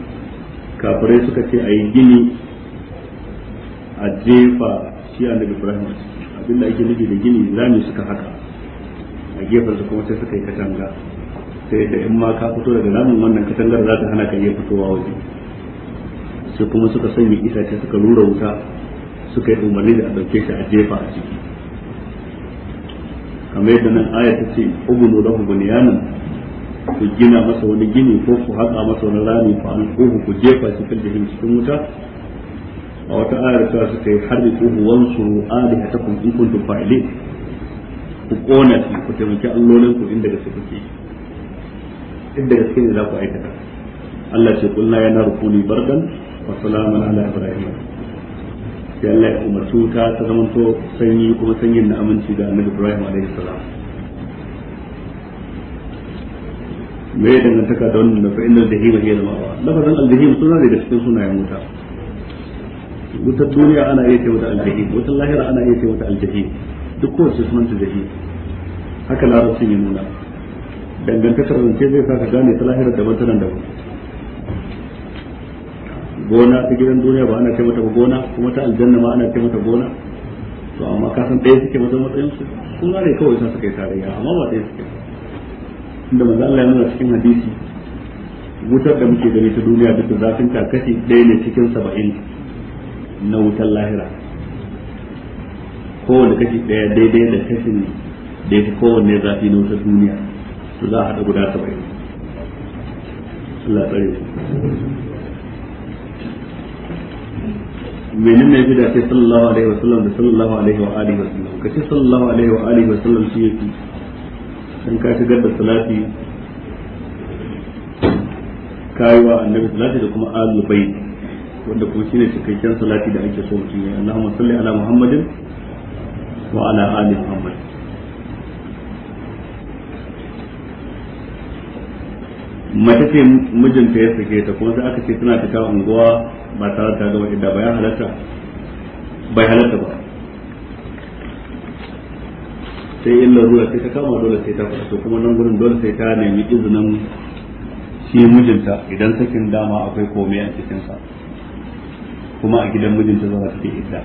kafirai suka ce ayi gini a jefa shi annabi Ibrahim abinda ake nufi da gini zami suka haka a gefen su kuma sai suka yi katanga sai da in ma ka fito daga ramin wannan katangar za ta hana ka iya fitowa waje sai kuma suka sanya itace suka rura wuta suka yi umarni da a ɗauke shi a jefa a ciki kamar yadda nan aya ta ce ubunu lahu bunyanan ku gina masa wani gini ko ku haƙa masa wani rami fa alquhu ku jefa shi fil jahim cikin wuta a wata ayar ta suka yi harbi kuhu wansu alihatakum in kuntum fa'ilin ku kona shi ku taimaki allolin ku inda da ke inda da suke ne za ku aikata Allah ce kullu ya rukuni li bardan wa salaman ala ibrahim sai Allah ya umarci wuta ta zamanto sanyi kuma sanyin na aminci da annabi Ibrahim alaihi salam me ya dangantaka da wannan da fa'ilal jahim hiya al-ma'wa lafazan al-jahim suna da cikin sunayen wuta wuta duniya ana iya ce mata al wuta wutar lahira ana iya ce mata al-jahim duk kowace su sunanta jahim haka larabcin ya nuna dangantakar zance zai sa ka gane ta lahira daban ta nan daban gona ta gidan duniya ba ana ce mata ba gona kuma ta aljanna ma ana ce mata gona to amma ka san ɗaya suke mazan matsayin su sun ne kawai sun suka yi tarayya amma ba ɗaya suke inda manzo Allah ya nuna cikin hadisi wutar da muke gani ta duniya duk da zafin ta kashi ɗaya ne cikin saba'in na wutar lahira kowane kashi ɗaya daidai da kashin da ya fi kowanne zafi na wutar duniya to za a haɗa guda saba'in Allah tsare menene ya fi dace sallallahu alaihi wasallam da sallallahu alaihi wa alihi wasallam ka ce sallallahu alaihi wa alihi wasallam shi yake dan ka shigar da salati kai wa annabi salati da kuma ahlul bait wanda kuma shine cikakken salati da ake so mutum ya Allahumma salli ala Muhammadin wa ala ali Muhammadin mace ce mijinta ya sake ta kuma sai aka ce tana fita unguwa ba tare da ga wadda bayan halarta halatta bai halatta ba sai in larura sai ta kama dole sai ta to kuma nan gurin dole sai ta nemi izinin shi mijinta idan sakin dama akwai komai a cikinsa kuma a gidan mijinta za ta ke idda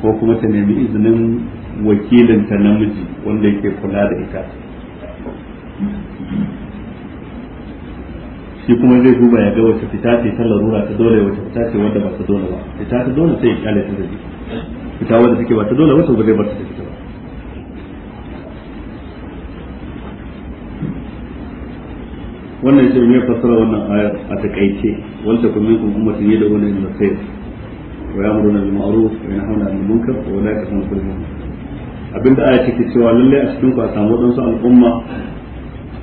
ko kuma ta nemi izinin wakilinta namiji wanda yake kula da ita shi kuma zai duba ya ga wata fita ce ta larura ta dole wata fita ce wanda ba ta dole ba fita ta dole sai ya kyale ta zai fita wanda take ba ta dole wata ba ta fita ba wannan shi ne fassara wannan ayar a takaice wanda kuma minkum ummatin yad'una ila khair wa ya'muruna bil ma'ruf wa yanhauna 'anil munkar wa la yakhafuna fil abinda aya take cewa lalle a cikin ku a samu wadansu al'umma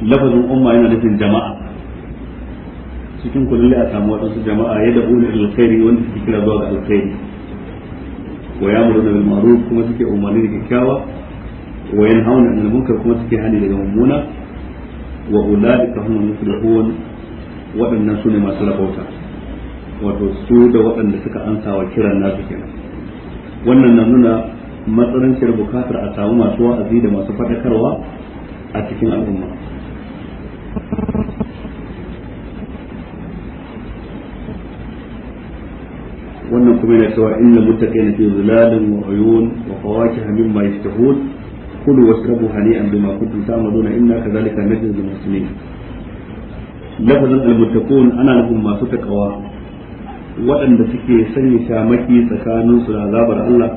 lafazin umma yana nufin jama'a cikin ku lalle a samu wadansu jama'a ya dabu da alkhairi wanda suke kira zuwa ga alkhairi wa ya'muruna bil ma'ruf kuma suke umarni da kyakkyawa wa hauna 'anil munkar kuma suke hani daga mummuna wa musu da muflihun waɗannan su ne masu rabauta wato su da waɗanda suka ansa wa kiran nasu kenan wannan na nuna matsalanciyar bukatar a samu masu wa'azi da masu faɗakarwa a cikin al'umma wannan kuma yana cewa innal muttaqina fi zilalin wa uyun wa fawakih mimma yashtahun kulu washrabu hani'an bima kuntum ta'maluna inna kadhalika najzi al-muslimin lafazin al-muttaqun ana nufin masu takawa waɗanda suke sanya shamaki tsakaninsu da azabar Allah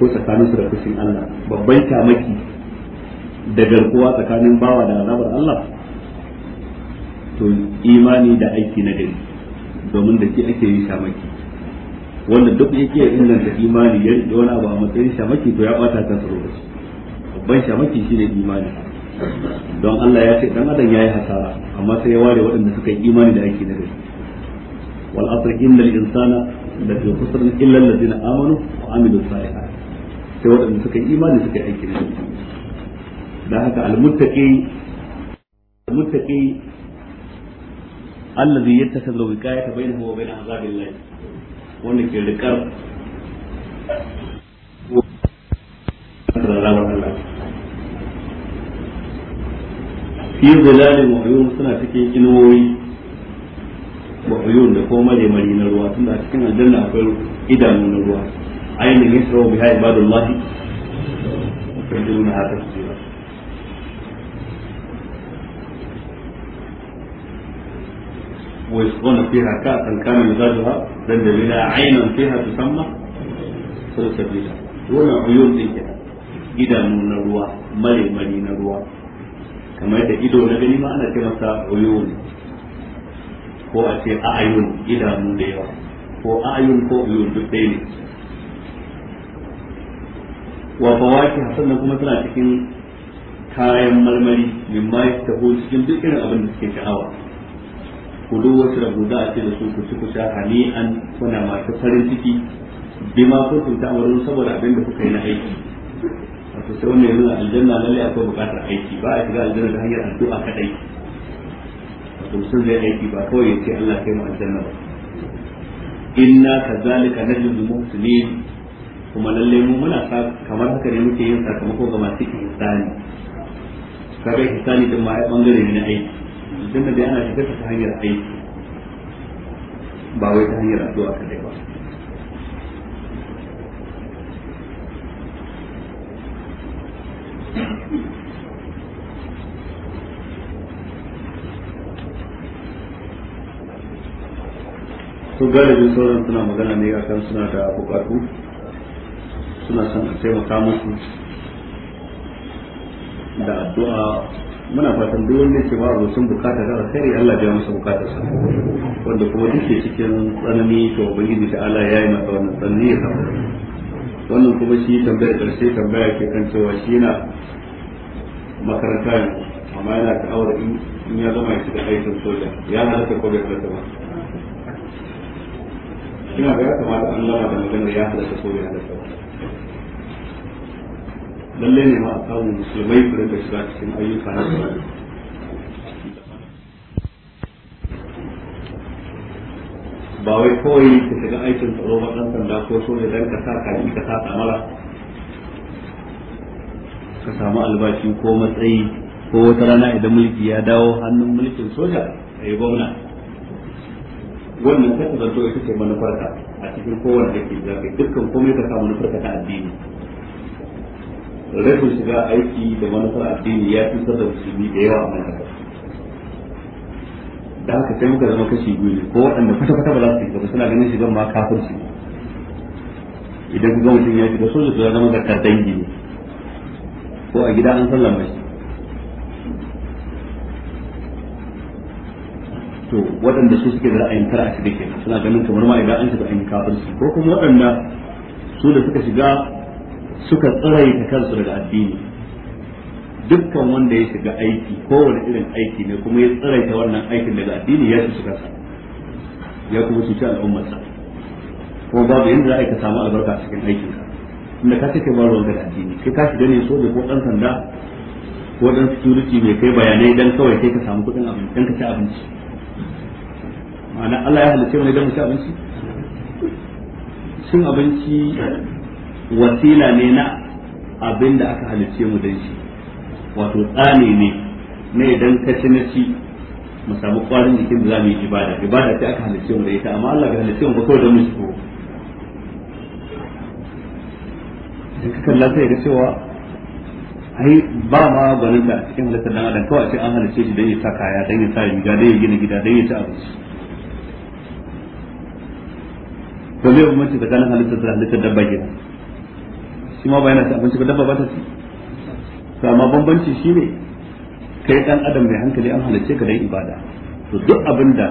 ko tsakaninsu da fushin Allah babban shamaki da garkuwa tsakanin bawa da azabar Allah to imani da aiki na gari domin da shi ake yi shamaki wanda duk yake inganta imani ya rike wani abu a matsayin shamaki to ya bata kansa lokaci babban shamaki shine imani don Allah ya ce dan adam yayi hasara amma sai ya ware waɗanda suka yi imani da ake nagari gari wal asr innal insana la fi khusr illa alladhina amanu wa amilus salihat sai waɗanda suka yi imani suka yi aiki na gari dan haka al muttaqi al muttaqi alladhi yattakhidhu wiqayata bainahu wa bain azabillahi wanda ke rikar fi zilalin wa'ayun suna cikin inuwoyi wa'ayun da kuma mare-mari na ruwa tunda a cikin aljanna akwai idanu na ruwa ainihin yasrawa bi haibadullah wa kajduna hadar ويسقون فيها كأسا كان مزاجها زنجبيلا عينا فيها تسمى سلسبيلا ولا عيون ذيك إذا من الروا ملي ملي نروا كما يتجدوا نجني ما أنا كما عيون ko a ce a'ayun idanu da yawa ko a'ayun ko uyun duk ɗaya ne wa fawaki sannan kuma tana cikin kayan marmari min ma yastahu cikin duk irin abin da suke sha'awa ku duk rabu za a ce da su ku ci ku sha an kuna masu farin ciki bima kuntum ta'malun saboda abin da kuka yi na aiki wato sai wannan yanzu aljanna lalle akwai buƙatar aiki ba a shiga aljanna ta hanyar addu'a kadai wato mutum zai aiki ba kawai ya ce Allah kai mu aljanna ba inna kazalika najzul muslimin kuma lalle mu muna kamar haka ne muke yin sakamako ga masu ihsani kaga ihsani din ma ai bangare ne na aiki aljanna dai ana shigar ta hanyar aiki ba wai ta hanyar addu'a kadai ba su galibin sauran suna magana ne kan suna da bukatu suna son a taimaka musu da addu'a muna fatan duk wanda ke ba sun bukata da alkhairi Allah ya masa sa. wanda kuma duke cikin tsanani to ubangiji da Allah ya yi masa wannan tsanani ya samu wannan kuma shi tambayar karshe tambaya ke kan cewa shi na makaranta ne amma yana ta'awar in ya zama ya cika aikin soja ya halatta ko bai halatta ba ina ga ya kamata an gama da maganar ya halatta ko bai halatta ba lallai ne ma a samu musulmai su rinka shiga cikin ayyuka na tsaro ba wai kawai ka shiga aikin tsaro ba ɗan sanda ko so ne dan ka sa kaji ka sa samara ka samu albashi ko matsayi ko wata rana idan mulki ya dawo hannun mulkin soja a yi gwamna wannan ta zanto ita ce manufarka a cikin kowane aiki za ka yi dukkan komai ka sa manufarka ta addini rashin shiga aiki da manufar addini ya fi da musulmi da yawa a nan da haka sai muka zama kashi biyu ne ko waɗanda kwata kwata ba za su yi ba suna ganin shigan ma kafirci idan ku mutum ya shiga soja su zama zakar dangi ne ko a gida an sallama mashi. to waɗanda su suke da ra'ayin tara a cikin suna ganin kamar ma idan an shiga an kafirci ko kuma waɗanda su da suka shiga suka ta kansu daga addini dukkan wanda ya shiga aiki kowane irin aiki ne kuma ya ta wannan aikin daga addini ya su suka ya kuma cuci al'ummarsa kuma babu yadda za a ka samu albarka a cikin aikinka inda ka kake ba ruwan daga addini kai ka shiga ne soja ko ɗan sanda ko ɗan security mai kai bayanai dan kawai kai ka samu kuɗin abinci dan ka ci abinci ma'ana Allah ya halice mu ne dan mu ci abinci sun abinci wasila ne na abin da aka halicce mu dan shi wato tsane ne ne idan ka ci na ci mu samu kwarin jikin da za mu yi ibada ibada sai aka halicce mu da ita amma Allah ga halicce mu ba kawai da mu shi ko duk kan kalla sai ga cewa ai ba ma gwanin da cikin halittar dan adam kawai sai an halicce shi dan ya sa kaya dan ya sa riga dan ya gina gida dan ya ci abinci to me da kana halittar da halittar dabba gida shi ma ba yana ci abinci ba dabba ba ta ci to amma bambanci shine kai dan adam mai hankali an halarci ka da ibada to duk abinda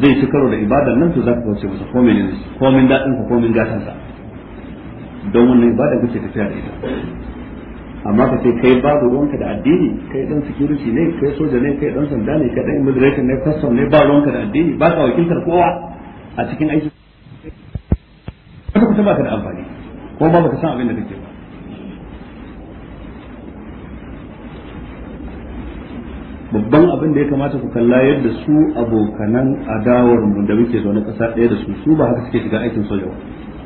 zai ci karo da ibadar nan to za ka kauce masa komin ne komin dadin ka komin gatan sa don wannan ibada kace tafiya da ita amma ka ce kai babu ruwanka da addini kai dan security ne kai soja ne kai dan sanda ne kai dan immigration ne custom ne ba ruwanka da addini ba ka wakiltar kowa a cikin aiki kuma ba ka da amfani ko ba ka san abin da kake ba babban abin da ya kamata ku kalla yadda su abokanan adawar mu da muke zaune kasa ɗaya da su su ba haka suke shiga aikin soja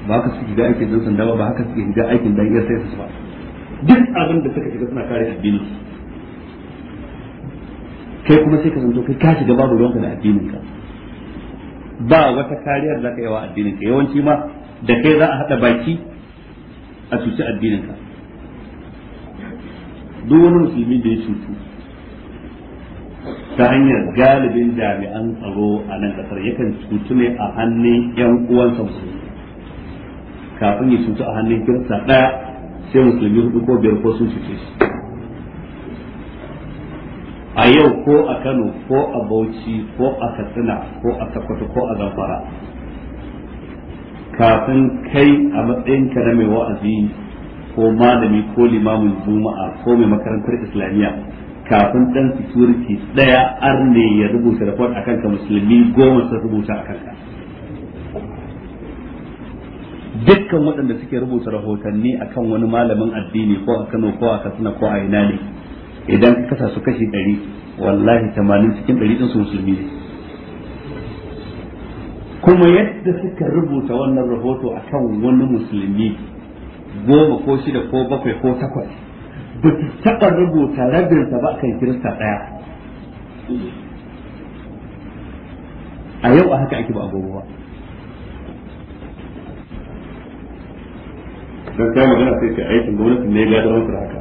ba haka suke shiga aikin dan sanda ba haka suke shiga aikin dan iyar sai ba duk abin da suka shiga suna kare addini kai kuma sai ka zanto kai ka shiga babu ruwanka da addinin ka ba wata kariyar da ka yi wa addinin ka yawanci ma da kai za a haɗa baki a cuci addininka duk wani musulmi da ya cutu ta hanyar galibin jami'an tsaro a nan kasar yakan cutu ne a hannun yan uwansa musulmi kafin ya cutu a hannun kirista ɗaya sai musulmi hudu ko biyar ko sun cuce shi a yau ko a kano ko a bauchi ko a katsina ko a takwato ko a zamfara kafin kai a matsayin na mai wa'azi ko malami ko limamin juma'a ko mai makarantar islamiyya kafin dan sikuriti daya arne ya rubuta report akan ka musulmi goma sun rubuta akan ka dukkan waɗanda suke rubuta rahotanni akan wani malamin addini ko a Kano ko a Katsina ko a ina ne idan ka kasa su kashi ɗari wallahi tamanin cikin ɗari ɗin su musulmi ne kuma yadda suka rubuta wannan rahoto a kan wani musulmi goma ko shida ko bakwai ko takwas ba su taɓa rubuta rabinsa ba kan kirista ɗaya a yau a haka ake ba agogo ba don kai magana sai ka aikin gwamnati ne ya gadar haka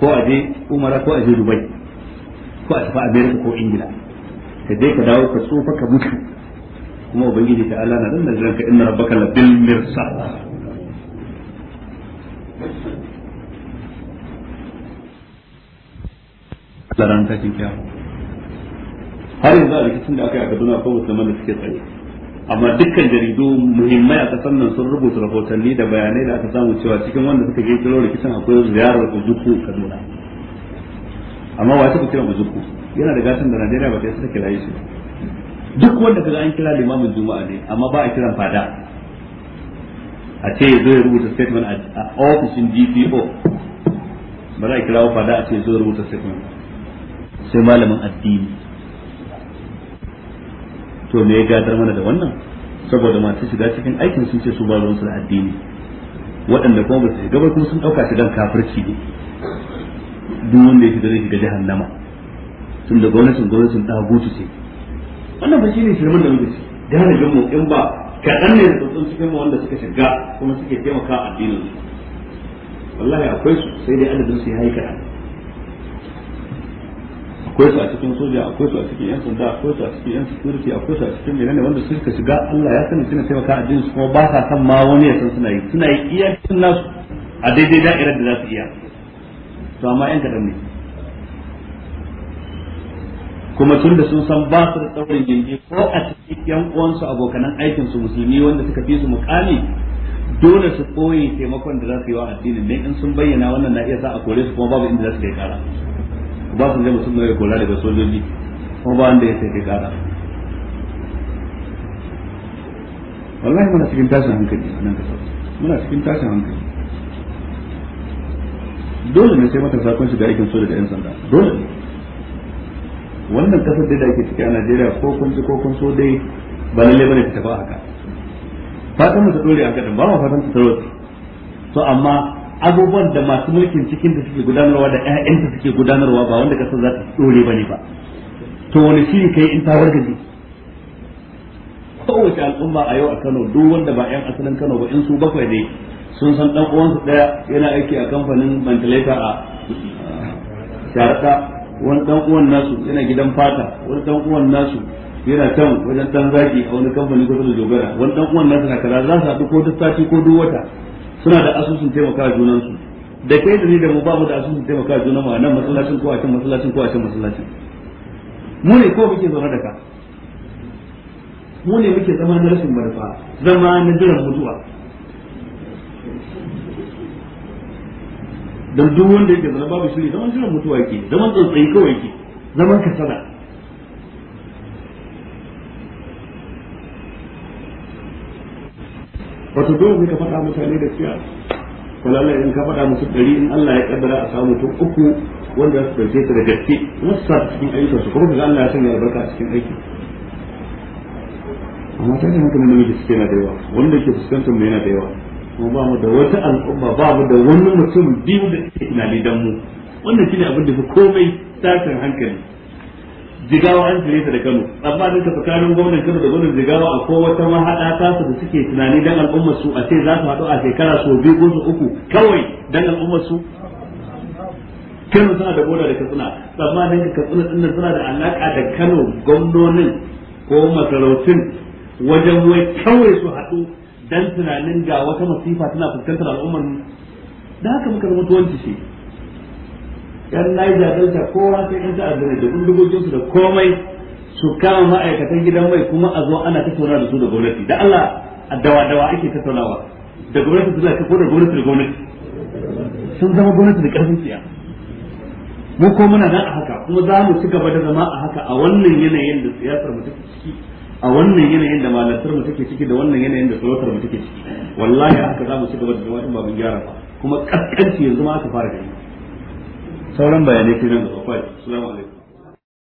ko a je umara ko a je dubai ko a tafi america ko ingila ka dai ka dawo ka tsofa ka mutu kuma ubangiji ta Allah na dan da ranka inna rabbaka la bil mirsa Laranta cikin kyau. har yanzu a rikicin da aka yi a Kaduna ko musamman da suke tsaye amma dukkan jaridu muhimmai a kasar nan sun rubuta rahotanni da bayanai da aka samu cewa cikin wanda suka je kiro rikicin akwai ziyarar uzuku kaduna amma wa suka kira uzuku yana da gasar da najeriya ba ta suka kira shi duk wanda kaga an kira limamin juma'a ne amma ba a kiran fada a ce ya zo ya rubuta statement a ofishin dpo ba za a kira fada a ce ya zo ya rubuta statement sai malamin addini to me ya gadar mana da wannan saboda masu shiga cikin aikin sun ce su ba ruwansu da addini waɗanda kuma ba su shiga ba kuma sun ɗauka shi dan kafirci ne duk wanda ya shiga zai shiga jahannama tun da gwamnatin gwamnatin ta gutu ce wannan ba ne shirman da muke ci galibin mu in ba kaɗan ne da tsotsin cikin mu wanda suka shiga kuma suke taimaka addinin su wallahi akwai su sai dai adadin su ya yi kaɗan akwai su a cikin soja akwai su a cikin yan sanda akwai su a cikin yan security akwai su a cikin menene wanda suka shiga Allah ya sani suna taimaka addinin su kuma ba sa san ma wani ya san suna yi suna yi iya cikin nasu a daidai da'irar da za su iya to amma yan kadan ne kuma tun da sun san ba su da tsaurin gindi ko a cikin yan uwansu abokanan aikin su musulmi wanda suka fi su mukami dole su koyi taimakon da za su yi wa addinin ne in sun bayyana wannan na iya sa a kore su kuma babu inda za su kai kara ba su zai mutum mai kula daga sojoji ko ba wanda ya sai kara wallahi muna cikin tashin hankali a nan kasar muna cikin tashin hankali dole ne sai matasa kun shiga aikin soja da yan sanda dole ne wannan kasar da ake ciki a Najeriya ko kun ci ko kun so dai ba lalle bane ta tafi haka fatan mu ta dore a din ba mu fatan ta tarwata to amma abubuwan da masu mulkin cikin da suke gudanarwa da ƴaƴanta suke gudanarwa ba wanda kasar za ta dore ba ne ba to wani shiri kai in ta ji kowace al'umma a yau a Kano duk wanda ba ƴan asalin Kano ba in su bakwai ne sun san dan uwansu daya yana aiki a kamfanin ventilator a Sharata wani dan uwan nasu yana gidan fata wani dan uwan nasu yana can wajen dan zaki a wani kamfanin kusa da dogara wani dan uwan nasu na kaza za su haɗu ko duk sati ko duk wata suna da asusun taimaka junansu da kai da ni da mu ba mu da asusun taimaka junanmu a nan masallacin ko a can masallacin ko a can masallacin mu ne ko muke zaune da ka mu ne muke zama na rashin barfa zama na jiran mutuwa don duk wanda yake zama babu shiri zaman jiran mutuwa yake zaman tsantsayi kawai yake zaman kasala wato dole ka faɗa mutane da siya wala in ka faɗa musu ɗari in Allah ya kaddara a samu tun uku wanda su ɗauke ta da gaske wasa cikin ayyukan su kuma Allah ya sanya albarka a cikin aiki amma ta yana kuma namiji suke na da yawa wanda ke fuskantar mai yana da yawa kuma ba mu da wata al'umma ba mu da wani mutum biyu da ke tunani dan mu wannan shine abin da fi komai tashin hankali jigawa an tare ta da Kano amma duk tsakanin gwamnan Kano da gwamnatin jigawa a ko wata mahada ta su da suke tunani dan al'ummar su a ce za su haɗu a shekara so biyu ko su uku kawai dan al'ummar su Kano suna da boda da Katsina amma dan Katsina din suna da alaka da Kano gwamnonin ko masarautun wajen wai kawai su hadu dan tunanin ga wata masifa tana fuskantar al'ummar da haka muka zama tuwanci shi yan Niger Delta kowa sai yan ta'adda ne da bindigogin su da komai su kama ma'aikatan gidan mai kuma a zo ana tattauna da su da gwamnati da Allah a dawa dawa ake tattaunawa da gwamnati da zai ko da gwamnati da gwamnati sun zama gwamnati da karfin siya mu ko muna nan a haka kuma za mu ci gaba da zama a haka a wannan yanayin da siyasar mu take ciki a wannan yanayin da malatar mu take ciki da wannan yanayin da sarautar mu take ciki wallahi haka za mu ci gaba da zama in ba gyara ba kuma kaskanci yanzu ma aka fara gani sauran bayanai kenan da kwai assalamu alaikum